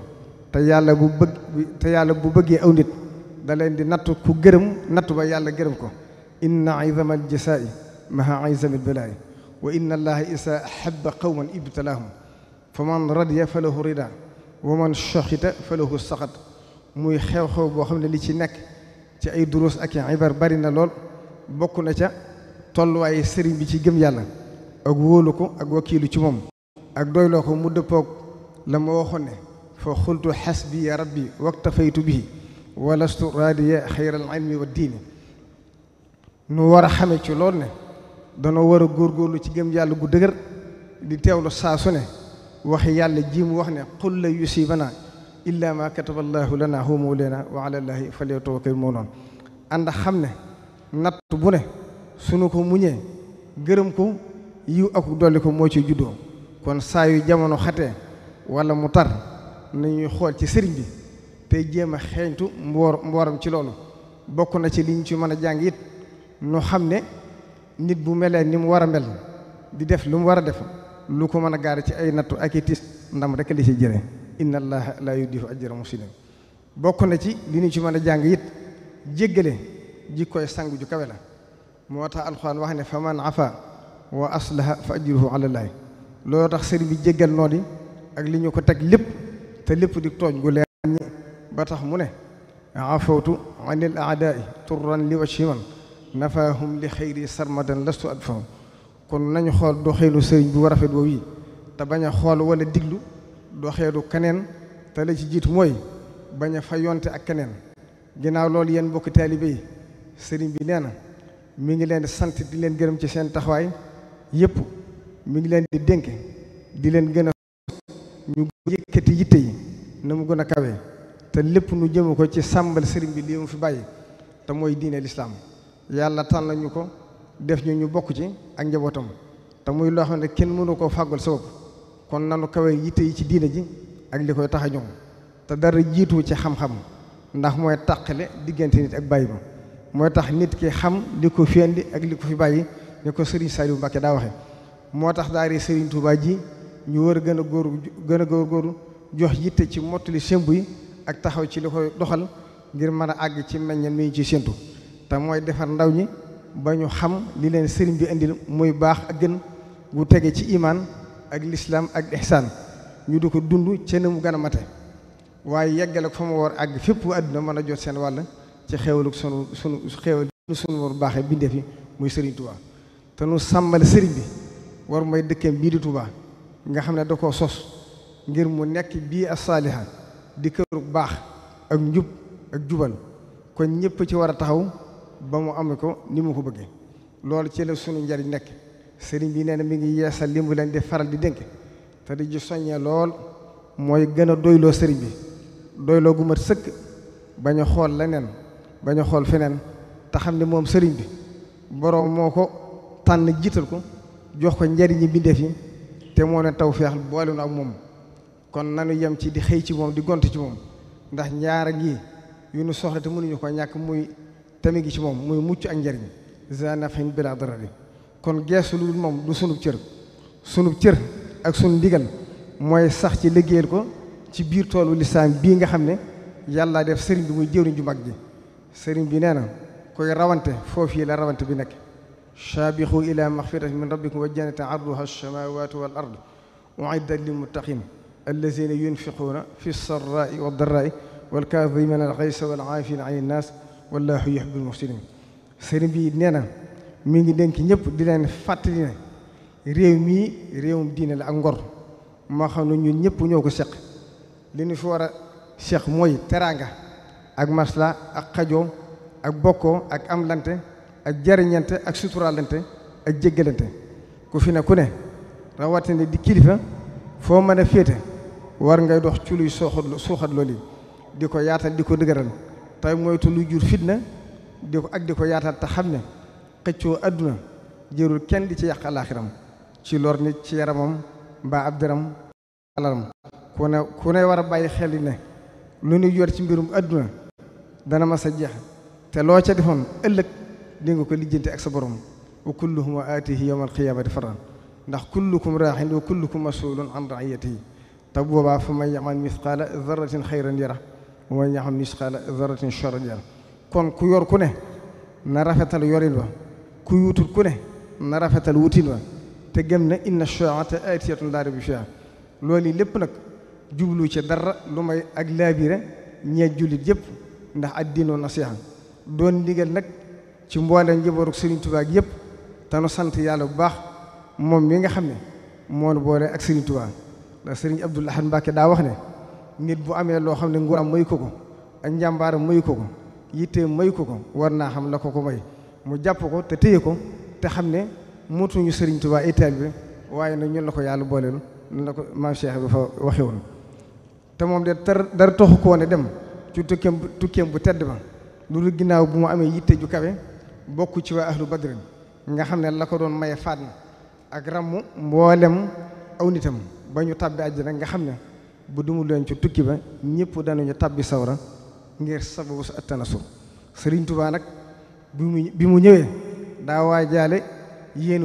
te yàlla bu bëgg te yàlla bu bëggee aw nit da leen di nattu ku gërëm nattu ba yàlla gërëm ko inna izama aljasaai maha izami albalaayi wa inna allaha isa ahaba qawman ibtalaahum fa man radiya fa lahu rida wa man soxita fa lahu saxat muy xew-xew boo xam ne li ci nekk ci ay duruus ak i ibar bari na lool bokk na ca tolluwaayu sëriñ bi ci gëm yàlla ak wóolu ko ak wakiilu ci moom ak doyloo ko mu dëppoog la ma waxoon ne fa xultu xasbi ya rabbi waktafaytu bihi walastu raadiya xayral ilmi wa diini nu war a xame ci lool ne danoo war a góorgóorlu ci gëm yàlla gu dëgër di teewlu saa su ne waxi yàlla ji mu wax ne qul la yusibana ma kataba lana huwa mawlana wa ala allahi falyatawakkal mu'minun ànd xam ne natt bu ne sunu ko muñee gërëm ko yiw aku dolli ko moo ci juddoo kon saayu yu jamono xatee wala mu tar nañuy xool ci sëriñ bi tey jéem a xeeñtu mboor mbooram ci loolu bokk na ci liñ ci mën a jàng it nu xam ne nit bu melee ni mu war a mel di def lu mu war a def lu ko mën a gaari ci ay nattu ak i tiis ndam rek li ci jëre inna allaha la yudifu ajra muslim bokk na ci li ñu ci mën a jàng it jéggale jikkooy sangu ju kawe la moo tax alxuraan wax ne fa man waa aslaha fa ajruhu ala looloo tax sëriñ bi jéggal noonu ak li ñu ko teg lépp te lépp di tooñ gu leer ñi ba tax mu ne afawtu an il aadaai turran li wajhi man nafaahum li xayri sarmadan lastu adfahum kon nañu xool doxeenu sëriñ bu rafet woowu yi te bañ a xool wala diglu doxeedu keneen te la ci jiitu mooy bañ a fayonte ak keneen ginnaaw loolu yéen mbokki taalibe yi sëriñ bi nee na mu ngi leen sant di leen gërëm ci seen taxawaay yëpp mu ngi leen di dénk di leen gën a ñu yëkkati yitte yi na mu gën a kawee te lépp nu jëm ko ci sàmbal sëriñ bi lii mu fi bàyyi te mooy diine lislaam yàlla tànn ñu ko def ñu ñu bokk ci ak njabootam te muy loxo ne kenn mënu koo fàggal sa kon nanu kawee yitte yi ci diine ji ak li koy tax a ñoom te dara jiitu ci xam-xam ndax mooy tàqale diggante nit ak bàyyi ba mooy tax nit ki xam li ko fi ak li ko fi bàyyi ni ko Serigne bu Mbacké daa waxe moo tax daari Serigne Touba ji ñu war gën a góor gën a góorgóorlu jox yitte ci mottali sémb yi ak taxaw ci li koy doxal ngir mën a àgg ci meññal mi ci séntu te mooy defar ndaw ñi ba ñu xam li leen sëriñ bi indil muy baax ak gën gu tege ci imaan ak lislaam ak ihsaan ñu di ko dund ca ne mu gën a mate waaye yeggale ko fa mu war àgg fépp àdduna mën a jot seen wàll ci xéewalug sunu sunu xéewal sunu war baaxee bindee fi muy sëriñ te nu sàmmal sëriñ bi war mooy dëkkeem bii di Touba nga xam ne da ko sos ngir mu nekk bii as saaliha di këru baax ak njub ak jubal kon ñëpp ci war a taxaw ba mu ame ko ni mu ko bëggee loolu ci la sunu njariñ nekk sëriñ bi nee na mi ngi yeesal li mu leen di faral di dénk te di ji soññee lool mooy gën a doyloo sëriñ bi doyloo gu sëkk bañ xool leneen bañ a xool feneen te xam ne moom sëriñ bi boroom ko. tànn jiital ko jox ko njariñi bindeef yi te moo ne taw feex boole na ak moom kon nanu yem ci di xëy ci moom di gont ci moom ndax ñaara gi yu nu soxla te mënuñu ko ñàkk muy tame gi ci moom muy mucc ak njariñ zanafin bila darari kon geesu lu dul moom du sunub cër sunub cër ak sunu ndigal mooy sax ci liggéeyal ko ci biir toolu lislaam bii nga xam ne yàlla def sëriñ bi muy jëwriñ ju mag ji sëriñ bi nee na koy rawante foofu yi la rawante bi nekk saabixu ila maxfiratin min rabbikum wa jannatin arduha alsamawatu wal ard uiddat lilmuttaqin allazina yunfiquuna fi sarraai wadarraai walkaadimina alxaysa walcaafina an innaas wallahu yuhibbu almuhsinin sëriñ bi nee na mi ngi dénk ñëpp di leen fàttali réew mii réewum diine la ak ngor moo xam ne ñun ñëpp ñoo ko seq li ñu fi war a seq mooy teraanga ak masla ak xajoo ak bokkoo ak amlante ak jariñante ak suturaalante ak jéggalante ku fi ne ku ne rawatina di kilifa foo mën a féete war ngay dox ci luy sooxat suuxat loolu di ko yaatal di ko dëgëral tey moytu luy jur fitna di ak di ko yaatal te xam ne xëccoo àdduna jërul kenn di ci yàq alaaxiram ci lor nit ci yaramam mbaa ab dëram alaram ku ne ku ne war a bàyyi xel ne lu nu yor ci mbirum àdduna dana mas a jeex te loo ca defoon ëllëg di nga ko lijjanti ak sa borom wa kulluhum aatihi yawma alqiyaamati fardan ndax kullukum raaxin wa kullukum masulun an raiyatihi te boobaa fa man yamal misqaala zarratin xayran yara wa man yamal misqaala zarratin charran yara kon ku yor ku ne na rafetal yorin wa ku yuutul ku ne na rafetal wutin wa te gëm na inna saa'ata aatiyatun laa rayba fiihaa loolu lépp nag jublu ci dara lu may ak laabire ñee jullit yëpp ndax addiinoo nasiiha doon ndigal ci mbooleem njabootu Serigne tubaak ak yëpp te sant yàlla bu baax moom mi nga xam ne moo boole ak Serigne Touba ndax Serigne Abdoul Ahad Mbacké daa wax ne nit bu amee loo xam ne nguuram mayu ko ko ak njàmbaaram mayu ko ko yittee mayu ko ko war naa xam la ko ko may mu jàpp ko te téye ko te xam ne mootuñu Serigne Touba ay taalibe bi waaye nag ñun la ko yàlla booleel ñun la ko maam Cheikh bi fa waxee woon te moom de tar dara toxu ko woon dem cu tukkeem tukkeem bu tedd ba loolu ginnaaw bu mu amee yitte ju kawe. bokku ci waa ahlu badrin nga xam ne la ko doon maye faat na ak ràmm mboolem aw nitam ba ñu tàbbi àjjana nga xam ne bu dumu leen ci tukki ba ñëpp danañu tàbbi sawra ngir sababu su attanasur Sëriñ Tuubaa nag bi mu bi mu ñëwee daa jaale yéenu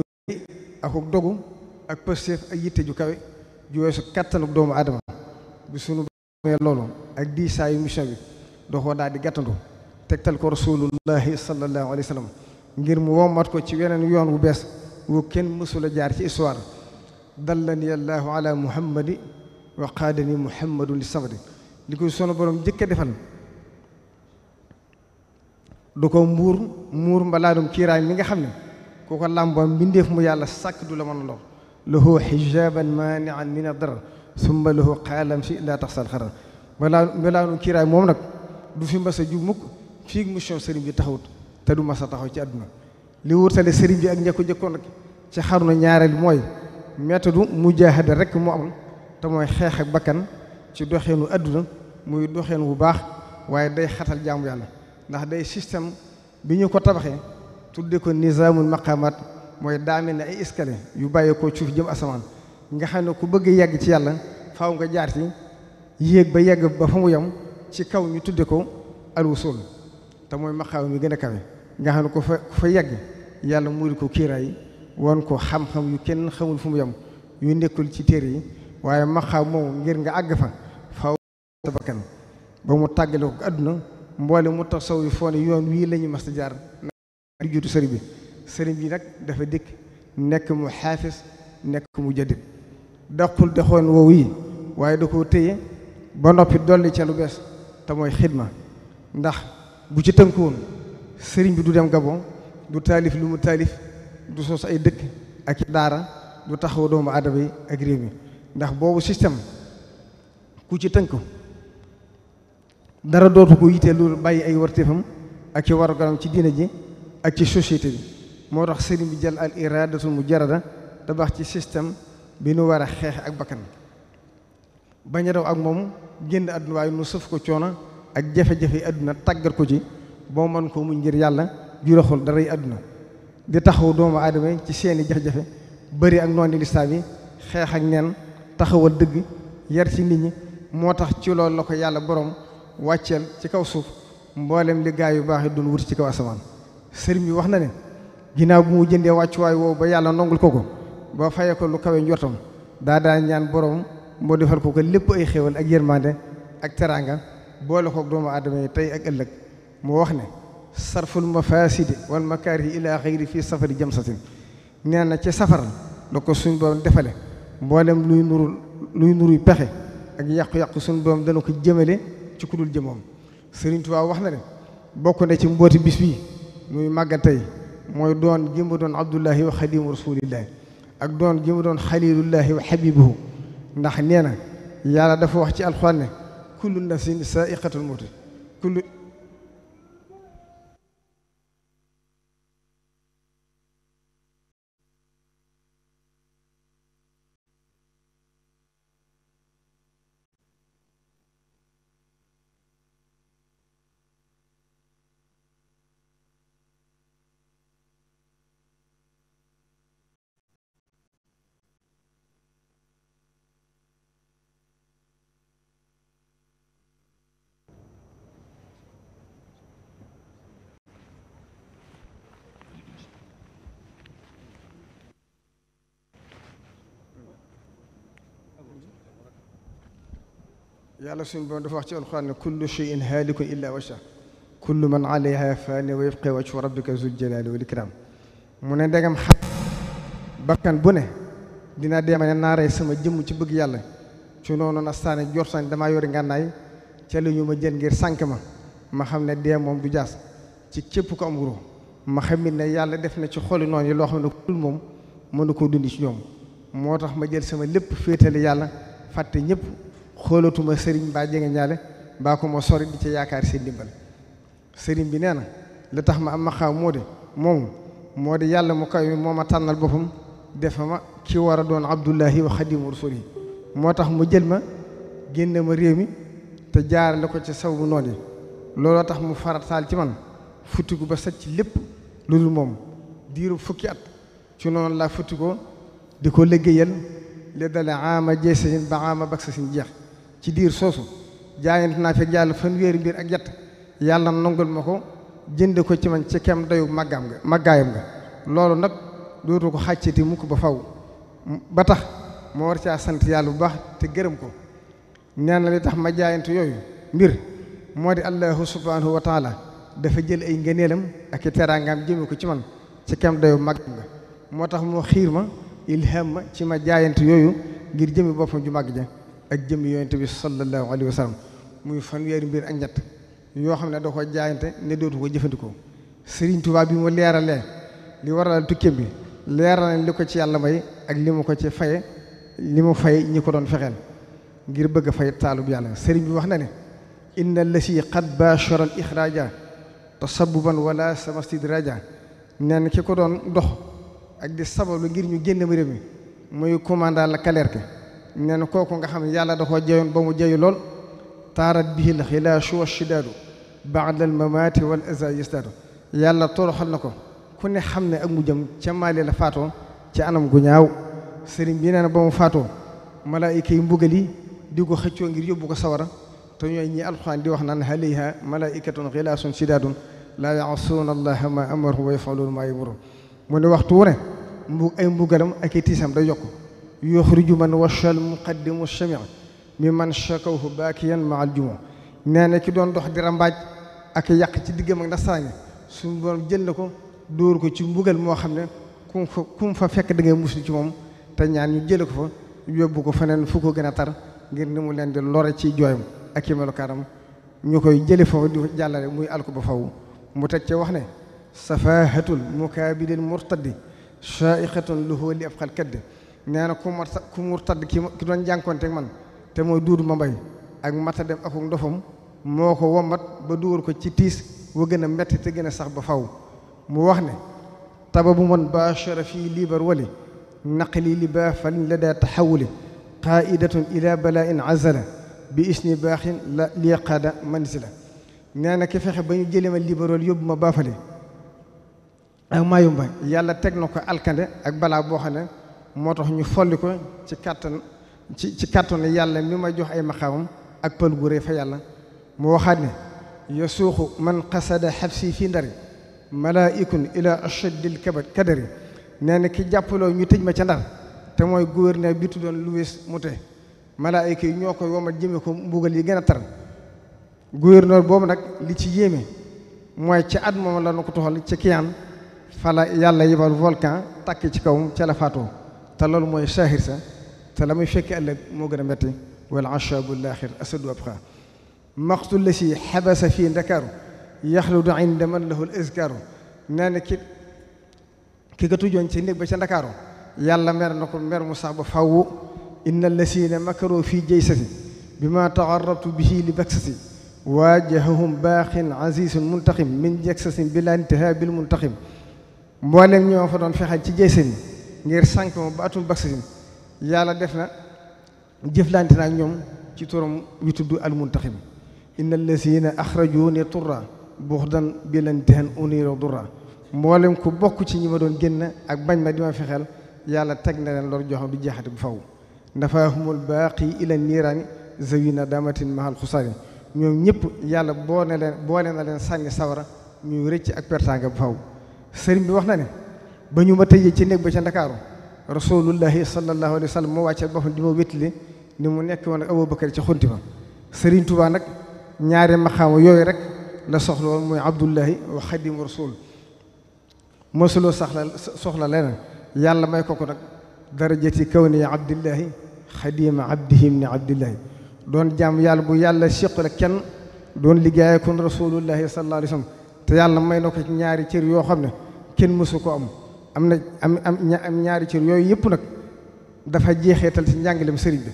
akuk dogu ak pësteef ak yitte ju kawe ju weesu kattanuk doomu aadama bi sunu loolu ak diisaayu mission bi doxoo daal di gàttandu tegtal ko rasulullahi sallallahu alayhi ngir mu wommat ko ci weneen yoon wu bees wu kenn mësula jaar ci histoire dallani allahu ala muhammadi wa qaadani muhammadu li sabri li koy sunu borom jëkk a defal du ko muur muur mbalaadum kiiraay mi nga xam ne ku ko làmboo mbindeef mu yàlla sàkk du la mën a lor lahu xijaban maanian min adar summa lahu qaalam si laa tax sal xarar mbalaadum kiiraay moom nag du fi mbasa ju mukk fii mission sëriñ bi taxawut te du masa a taxaw ci àdduna li wutale sëriñ bi ak ña ko jëkkoon ak ci xarnu ñaareel mooy mu mujaahada rek mu am te mooy xeex ak bakkan ci doxeenu àdduna muy doxeen bu baax waaye day xatal jaamu yàlla ndax day système bi ñu ko tabaxee tudde ko nizaamul maqaamaat mooy daame ne ay escalier yu bàyyi ko suuf jëm asamaan nga xam ne ku bëgg yàgg ci yàlla faaw nga jaar ci yéeg ba yàgg ba fa mu yem ci kaw ñu tudde ko alwusul te mooy maqaam mi gën a kawe nga xam ne ko fa fa yàgg yàlla muuri ko kiiraay wan ko xam-xam yu kenn xamul fu mu yem yu nekkul ci téere yi waaye maqaam moom ngir nga àgg fa faaw sa bakkan ba mu tàggale ko àdduna mboole mu tax sow yu foo yoon wii lañuy ñu mas a jaar di jutu sëriñ bi sëriñ bi nag dafa dikk nekk mu xaafis nekk mu jëddit daqul dexoon woowu yi waaye da koo téye ba noppi dolli ca lu bees te mooy xidma ndax bu ci tënk woon sëriñ bi du dem Gabon du taalif lu mu taalif du sos ay dëkk ak daara du taxaw doomu aadama yi ak réew mi ndax boobu système ku ci tënku dara dootu ko yitee loolu bàyyi ay warteefam ak ci warugaram ci diina ji ak ci société bi moo tax sëriñ bi jël al iradatul mujarrada tabax ci système bi nu war a xeex ak bakkan bañ a daw ak moom génn àdduna waaye nu sëf ko coono ak jafe-jafe yi àdduna tàggat ko ci boo mën ko mu njër yàlla juraxul daray àdduna di taxaw doomu aadama yi ci seeni jafe-jafe bëri ak noonu lislaam yi xeex ak neen taxawal dëgg yar ci nit ñi moo tax ci lool la ko yàlla borom wàcceel ci kaw suuf mboolem li gaa yu baax yi doon wut ci kaw asamaan sëriñ bi wax na ne ginnaaw bu mu jëndee wàccuwaay woowu ba yàlla nongul ko ko ba fayee ko lu kawe njortam daa ñaan borom moo defal ko ko lépp ay xéwal ak yërmande ak teraanga boole koog doomu aadama yi tey ak ëllëg mu wax ne sarful mafasidi wal makaarihi ila xayri fii safari jamsatin nee na ci safar la ko suñu borom defale mboolem luy nurul luy nuruy pexe ak yàqu-yàqu suñu borom dana ko jëmale ci kudul jëmoom Sëriñ Tuubaa wax na ne bokk na ci mbooti bis bii muy màggal tey mooy doon gi mu doon abdullahi wa xadimu rasulillahi ak doon gi mu doon xalilullahi wa xabibuhu ndax nee na yàlla dafa wax ci alxuraan kullu nafsin saaiqatul mawti kullu yàlla suñu borom dafa wax ci alxuraan ne kullu shay'in haalikun illa wajha kullu man alayha faan wa yabqa wajhu rabbika zul jalaali wal ikraam mu ne ndegam xam bakkan bu ne dina deema ne naaree sama jëmm ci bëgg yàlla ci noonu na saane jor sañ damaa yori ngànnaay ca li ñu ma jël ngir sànq ma ma xam ne dee moom du jaas ci cépp ko am wuro ma xam ne yàlla def na ci xoli noonu yi loo xam ne ku moom mënu koo dundi ci ñoom moo tax ma jël sama lépp féetale yàlla fàtte ñëpp xoolatuma sëriñ baa jege ñaale baa ko ma sori di ca yaakaar seen dimbal sëriñ bi nee na li tax ma am ma xaw moo de moom moo di yàlla mu kay mi moo ma tànnal boppam defa ma ki war a doon abdullahi wa xadimu rasuli moo tax mu jël ma génne ma réew mi te jaarale ko ci saw bu noon yi looloo tax mu fara farataal ci man futtiku ba sacc lépp lu dul moom diiru fukki at ci noonu laa futti ko di ko liggéeyal li dale ama jeesasin ba ama baksasin jeex ci diir soosu jaayante naa fekk yàlla fanweeri mbir ak yatt yàlla nangul ma ko jënde ko ci man ci kem dayu màggaam nga màggaayam nga loolu nag dootu ko xàccati mukk ba faw ba tax ma war caa sant yàlla bu baax te gërëm ko nee na li tax ma jaayante yooyu mbir moo di allahu subhanahu wa dafa jël ay ngëneelam ak i teraangaam jëme ko ci man ci kem dayu màggaam nga moo tax moo xiir ma ilham ma ci ma jaayante yooyu ngir jëme boppam ju màgg ja ak jëm yonent bi sallallahu alayhi wa sallam muy fanweeri mbir ak ñett yoo xam ne da ko jaayante ne dootu ko jëfandikoo Serigne Touba bi mu leeralee li waral tukkeem bi leeral li ko ci yàlla may ak li mu ko ci faye li mu fay ñi ko doon fexeel ngir bëgg fay taalu taalub yàlla sëriñ bi wax na ne inna lasi qad bashara al ixraja tasabbuban wala samastidraja nee na ki ko doon dox ak di sababu ngir ñu génn réew mi muy commandant la kaleer ke nee na kooku nga xam ne yàlla da koo jeyoon ba mu jeyu lool taarat bihi l xilaashu wa shidaadu baada al mamaati wal aza yasdaadu yàlla toroxal na ko ku ne xam ne ak mu jëm ca maali la faatoo ci anam gu ñaaw sëriñ bi nee na ba mu faatoo malaayika yi mbugal yi di ko xëccoo ngir yóbbu ko sawara te ñooy ñi alxuraan di wax naan alayha malaikatun xilaasun sidaadun laa yaasuuna allaha ma amaru wa yafaluuna ma yamuru mu ne waxtu wu ne mbu ay mbugalam ak i tiisam day yuxriju man wachal muqaddimu chami mi man chakawhu baakiyan ma aljumo nee na ki doon dox di rambaaj ak yàq ci diggam ak nasaraan yi suñu borom jënd ko dóor ko ci mbugal moo xam ne kum fa kum fa fekk da ngay muslu ci moom te ñaan ñu jële ko fa yóbbu ko feneen fu ko gën a tar ngir ni mu leen di lore ci jooyam ak i melokaanam ñu koy jële foofu di jàllale muy alko ba faw mu teg ci wax ne safahatul mukaabilil murtaddi chaiqatun lahu li ab xal kadde nee na ku tadd ki ki doon jànkonteeg man te mooy duudu ma mbay ak mata dem akuk ndofam moo ko wombat ba dugal ko ci tiis wa gën a metti te gën a sax ba faw mu wax ne tababu man baachara fii liibar wali naqli li baafalin la daa taxawuli qaidatun ila bala'in azala bi isni baaxin la liqaada manzila nee na ki fexe ba ñu jële ma libéral yóbbu ma baafale ak maayumba yàlla teg na ko alkande ak balaa boo xam ne moo tax ñu folli ko ci kàttan ci ci kàttan yàlla mi ma jox ay maqaamam ak pël gu rëy fa yàlla mu waxaat ne yasuuxu man qasada xabsi fii ndari malaikun ila ashaddil kabat kadari nee na ki jàppaloo ñu tëj ma ca ndar te mooy gouverneur bi tuddoon Louis Moutet malaayika yi ñoo ko womat jëme ko mbugal yi gën a tar gouverneur boobu nag li ci yéeme mooy ci at moom la nu ko toxal ci kiyaan fala yàlla yebal volcan takk ci kawam ca te loolu mooy saahir sa te la muy fekki ëllëg moo gën a metti wal ashaabu laaxir asadu abqa la si xabasa fii ndakaaru yaxludu inda man lahu l na ki yàlla mer na ko mer mu sax ba faww inna lasina makaroo fii bi ma taxarrabtu bihi li baksati waajahahum baaxin azizun muntaxim min jaksasin bila intihaa bil muntaxim mboolem ñoo fa doon fexal ci jaysani ngir sànq ma ba atum baksirin yàlla def na jëflante naa ñoom ci torom yu tudd almuntaxim inna allazina axrajuni turra buxdan bilantihan uniro durra mboolem ku bokk ci ñi doon génn ak bañ ma di ma fexeel yàlla teg na leen loolu joxam du jeexati bu faw nafaahumul baaqi ila niiraani na damatin mahal xusaari ñoom ñëpp yàlla boole leen boole na leen sànni sawara ñuy rëcc ak pertaanga bu faw sëriñ bi wax na ne ba ñu ma tëjee ci néeg ba ca ndakaaru rasulullahi sallallahu alayhi wa sallam moo wàccee boppam di ma wéttali ni mu nekk woon ak Abubakar ca xunti ba Serigne Touba nag ñaari maxaama yooyu rek la soxla woon mooy Abdullahi wa xadimu rasul mosuloo soxla soxla leneen yàlla may ko ko nag darajati kawni abdillahi xadima abdihim ni abdillahi doon jaam yàlla bu yàlla siqu la kenn doon liggéeye kon rasulullahi sallallahu alayhi wa sallam te yàlla may na ko ñaari cër yoo xam ne kenn mësu ko am am na am am ñaari cër yooyu yëpp nag dafa jeexeetal si njàngaleem sëriñ bi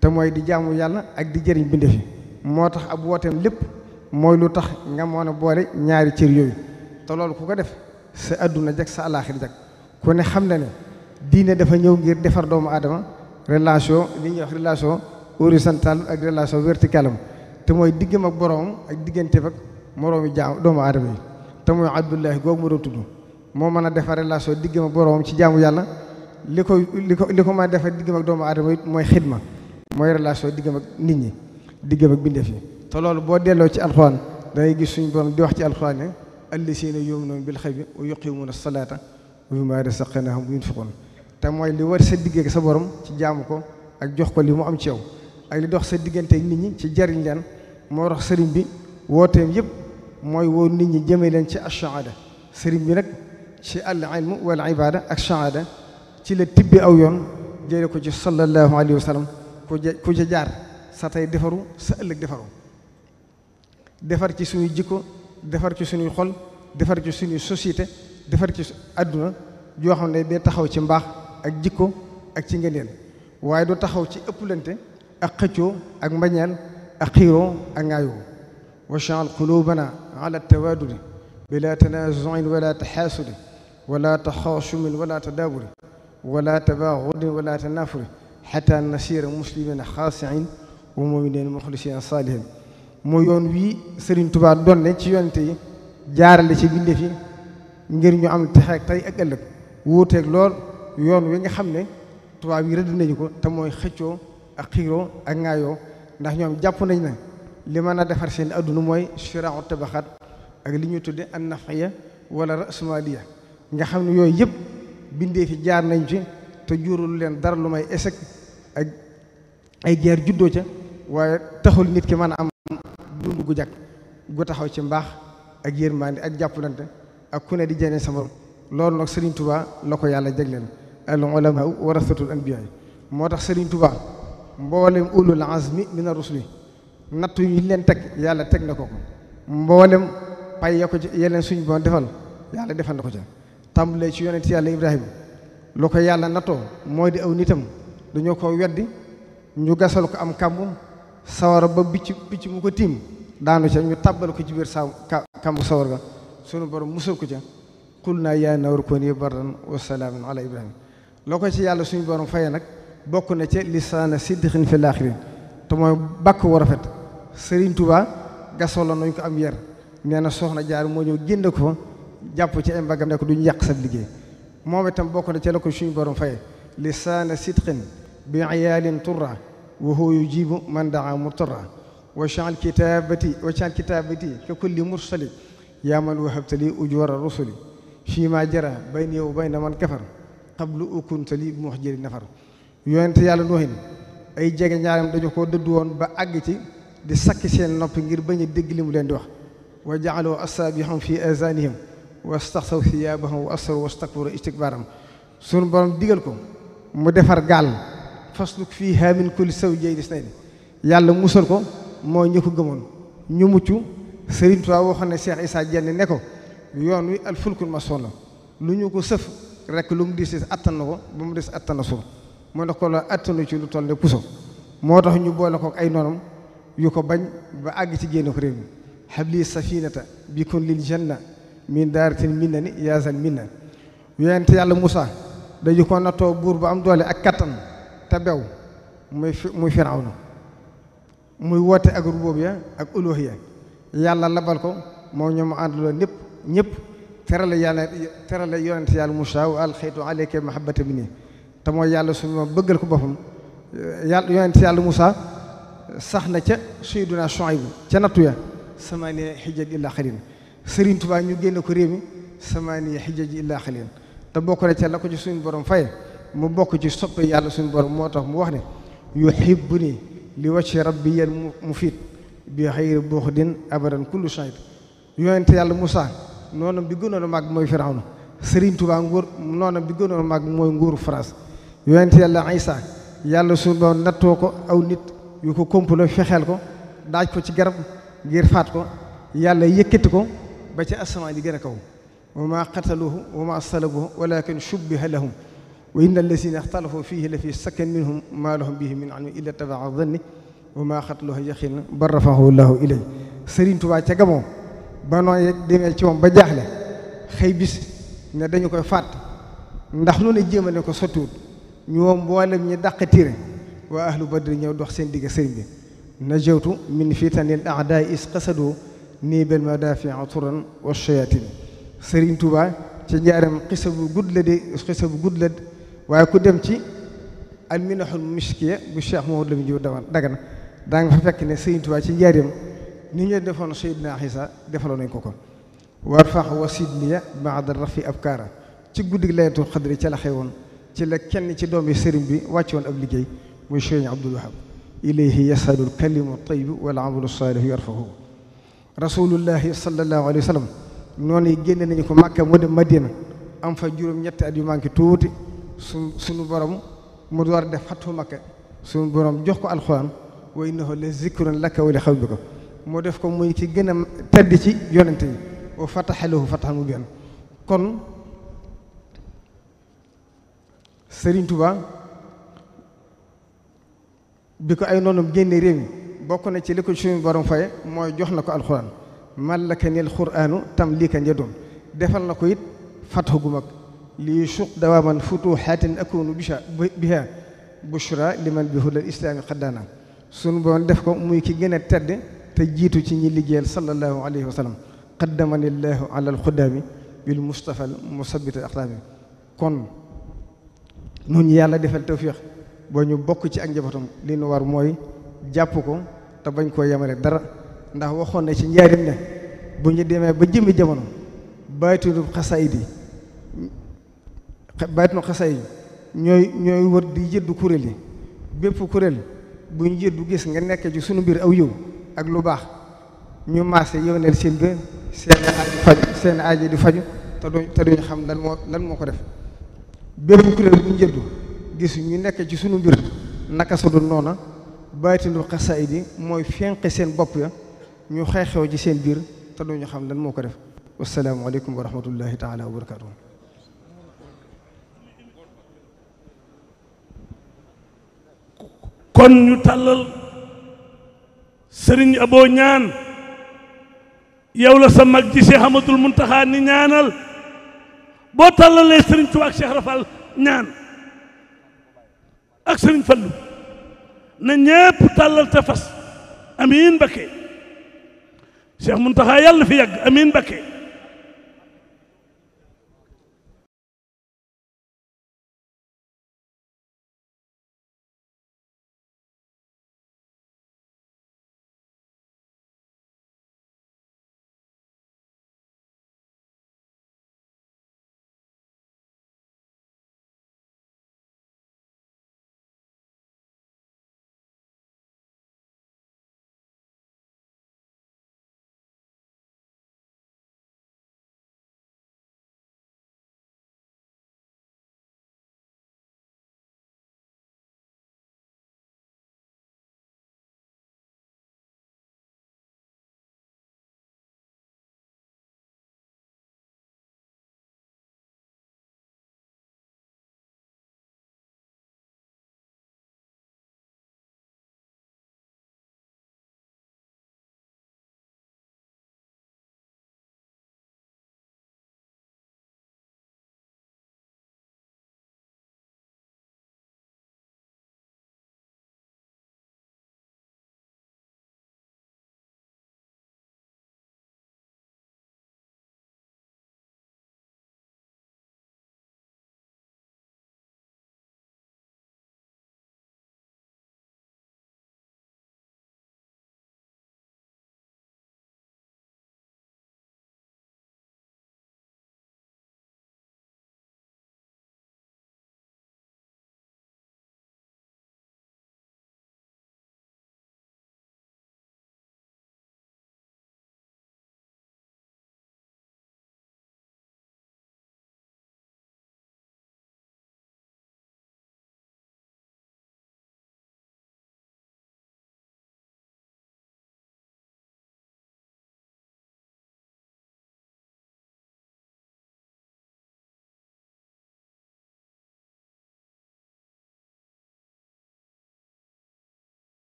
te mooy di jaamu yàlla ak di jëriñ bindee fi moo tax ab wooteem lépp mooy lu tax nga mën boole ñaari cër yooyu te loolu ku ko def si àdduna jag sa alaaxir jag ku ne xam na ne diine dafa ñëw ngir defar doomu aadama relation li ñuy wax relation horizontale ak relation verticale am te mooy diggam ak boroom ak digganteem ak moroomi jaam doomu aadama yi te mooy abdullahi googu mu doon moo mën a defar relation diggam ak boroomam ci jaamu yàlla li ko li ko li ko mën a defar diggam ak doomu aadama it mooy xidma mooy relation diggam ak nit ñi diggam ak bindeef yi te loolu boo delloo ci alxuraan dangay gis suñu borom di wax ci alxuraan ne allasiina yu'minuuna bil xaybi wa yuqiimuuna salaata wa mimmaa razaqnaahum yunfiquun te mooy li war sa digg sa borom ci jaamu ko ak jox ko li mu am ci yow ak li dox sa digganteek nit ñi ci jariñ leen moo tax sëriñ bi wooteem yëpp mooy woo nit ñi jëmee leen ci ashaada sëriñ bi nag ci al ilmu wal ibada ak shahaada ci la tibbi aw yoon jële ko ci sallallahu alayhi wa sallam ku ku ca jaar sa tey defaru sa ëllëg defaru defar ci suñuy jikko defar ci suñuy xol defar ci suñuy société defar ci àdduna joo xam ne day taxaw ci mbaax ak jikko ak ci ngëneel waaye du taxaw ci ëpplante ak xëccoo ak mbañeel ak xiiroo ak ŋaayoo wachanl qulubana ala tawadudi bila tanazuin wala taxaasudi wala ولا تخاصم ولا تدابر ولا تباغض ولا تنافر حتى نصير مسلمين خاصعين ومؤمنين مخلصين صالحين mooy yoon wii Serigne Touba doon ne ci yonte yi jaarale ci bindéef yi ngir ñu am texe ak tey ak ëllëg wuuteeg lool yoon wi nga xam ne tubaab yi rëdd ko te mooy xëccoo ak xiiroo ak ŋaayoo ndax ñoom jàpp nañ ne li mën a defar seen adduna mooy siraaxu tabaxaat ak li ñuy tudde an nafiya wala rasmaliya nga xam ne yooyu yëpp bindee fi jaar nañ ci te jurul leen dara lu may échec ak ay guerre juddoo ca waaye taxul nit ki mën a am dund gu jag gu taxaw ci mbaax ak yërmande ak jàppalante ak ku ne di jëlee sama loolu nag sëriñ Touba la ko yàlla jagleen al ulama warasatul anbiya moo tax Serigne Touba mboolem ulul azmi mina rusuli nattu yi leen teg yàlla teg na ko ko mboolem pay ya ko ci yeneen suñu bon defal yàlla defal na ko ca. tàmbalee ci yonent yàlla Ibrahima loo ko yàlla natoo mooy di aw nitam dañoo ko weddi ñu gasal ko am kàmb sawara ba picc picc mu ko tiim daanu ca ñu tàbbal ko ci biir sa kàmb sawar ga sunu borom musal ko ca qul naa yaa nawru kuni bardan wa salaaman ala Ibrahima loo ko ci yàlla suñu borom faye nag bokk na ca lisaana siddiqin fil aaxirin te mooy bàkk wu rafet Serigne Touba gasaloon nañ ko am yar nee na soxna jaar moo ñëw génne ko fa jàpp ci ay mbagam ne ko duñu yàq sab liggéey moom itam bokk na ci la ko suñu borom faye lisaana sidqin bi iyaalin turra wa huwa yujibu man daa murtarra wa chaal kitabati wa chaal kitabati ka kulli mursali yaa man wahabtali ujwara rusuli fii ma jara bayni wa bayna man kafar qablu mu wax muhjiri nafar yonent yàlla noohin ay jege ñaaram dañu ko dëddu woon ba àgg ci di sakki seen noppi ngir bañ a dégg li mu leen di wax wa jaaloo xam fi azanihim wastaxsaw siyaabahum wa asru wastakbaru istikbaaram sunu borom digal ko mu defar gaal fasluk fiihaa min kulli zawjayni isnayni yàlla musal ko moo ñu ko gëmoon ñu mucc Sëriñ Tuubaa waxoon ne Cheikh Issa Dienne ne ko yoon wi al fulkul masoon la lu ñu ko sëf rek lu mu dis dis attan ko ba mu des attan na suuf mu ne ko la attanu ci lu toll ne puso moo tax ñu boole ko ay noonam yu ko bañ ba àgg ci génn ko réew mi habli safinata bi kun lil janna min daaratin minna ni yaasan minna yonent yàlla mussa dañu ko nattoo buur bu am doole ak kattan te bew muy muy Firawna muy woote ak rububiyya ak uluhiyya yàlla labal ko moo ñoom mu àndaloon ñëpp ñëpp terale yàlla terale yonent yàlla Moussa wa alxaytu aleyka mahabbata minni te mooy yàlla su ma bëggal ko boppam yàlla yonent yàlla Moussa sax na ca Sayyiduna Shuayb ca nattu ya sama ne xijjat illa xarin Serigne Touba ñu génne ko réew mi samaani xijjaji illaa xaliil te bokk na ca la ko ci suñu borom fay mu bokk ci soppe yàlla suñu borom moo tax mu wax ni ne yuhibbuni li rab bi rabbi mu mufiid bi xayri buxdin abadan kullu shahid yonente yàlla Moussa noona bi gënoon a màgg mooy Firawna Serigne Touba nguur noonu bi gënoon a màgg mooy nguuru France yonente yàlla Isa yàlla suñu borom nattoo ko aw nit yu ko komplo fexeel ko daaj ko ci garab ngir faat ko yàlla yëkkati ko ba ca asamaan ji gën a kaw wa ma qataluhu wa ma salabuhu walakin shubbiha lahum wa inna allazina ixtalafu fihi la fi sakkan minhum ma lahum bihi min ilmin illa tabaa danni wa ma ilay Sëriñ Tuubaa ca Gabon ba noonu yeg demee ci moom ba jaaxle xëy bis ne dañu koy fàtt ndax lu ne jéem a ne ko sottiwut ñoom mboolem ñi dàq tire waa ahlu badri ñëw dox seen digg sëriñ bi najawtu min fitanil a'daa is qasadu nii benn madaafi'a turan wa shayatin Serigne Touba ci njaaram xisa bu gudd la bu gudd la waaye ku dem ci al minahul miskiya bu Cheikh Mouhamadou Lamine Diop daman dagana daa nga fa fekk ne Serigne Touba ci njaaram ni ñu defoon Seydina Issa defaloon nañ ko ko war fax wa sidniya ba'da rafi abkaara ci guddi laylatul xadri ca la xewoon ci la kenn ci doom yi sëriñ bi wàcce woon ab liggéey muy Cheikh Abdoul Wahab ilayhi yasadul kalimu tayyib wal amalu salihu yarfahu rasulullahi sallallahu alayhi wa sallam noonu génne nañu ko Makka mu dem Madina am fa juróom-ñetti at yu manqué tuuti su suñu borom mu door def xattu Makka suñu borom jox ko alxuraan wa innahu la lakk laka wa li ko mu def ko muy ci gën a tedd ci yonente yi wa fataha lahu fatahan mubiinan kon Serigne Touba bi ko ay noonam génne réew mi bokk na ci li ko suñu borom faye mooy jox na ko alxuraan mallaka nil xuraanu tam lii ka njëdoon defal na ko it fatxu gu mag lii suq dawaaman futuxaatin akunu bu biha bushra man bi hudal islaami xaddaana suñu borom def ko muy ki gën a tedd te jiitu ci ñi liggéeyal sallallahu alayhi wa sallam qaddamani llahu ala alxuddaami bil mustafa musabit axlaami kon nun yàlla defal tawfiix ba ñu bokk ci ak njabootam li nu war mooy jàpp ko te bañ koo yemalee dara ndax waxoon na ci njaariñ ne bu ñu demee ba jëmmi jamono baatinu xasaayid yi baatinu xasaayid yi ñooy ñooy wër di jëddu kuréel yi bépp kuréel bu ñu jëddu gis nga nekk ci sunu biir aw yow ak lu baax ñu maase yëwneel seen biir seen seen aaji di faju te duñ te duñ xam lan moo ko def bépp kuréel bu ñu jëddu ñu nekk ci sunu mbir naka su dul noona baatinu xasaayid yi mooy fenqi seen bopp ya ñu xeex xeexew ci seen biir te duñu xam lan moo ko def wasalaamualeykum wa rahmatullahi taala wa barakatuh kon ñaan yow la sa mag ji Cheikh ni ñaanal boo tàllalee sëriñ Tuubaa ak Cheikh Rafal ñaan ak sëriñ Fallu na ñépp tàllal te fas amiin Mbakke Cheikh Muntaxa yàlla na fi yàgg amiin Mbakke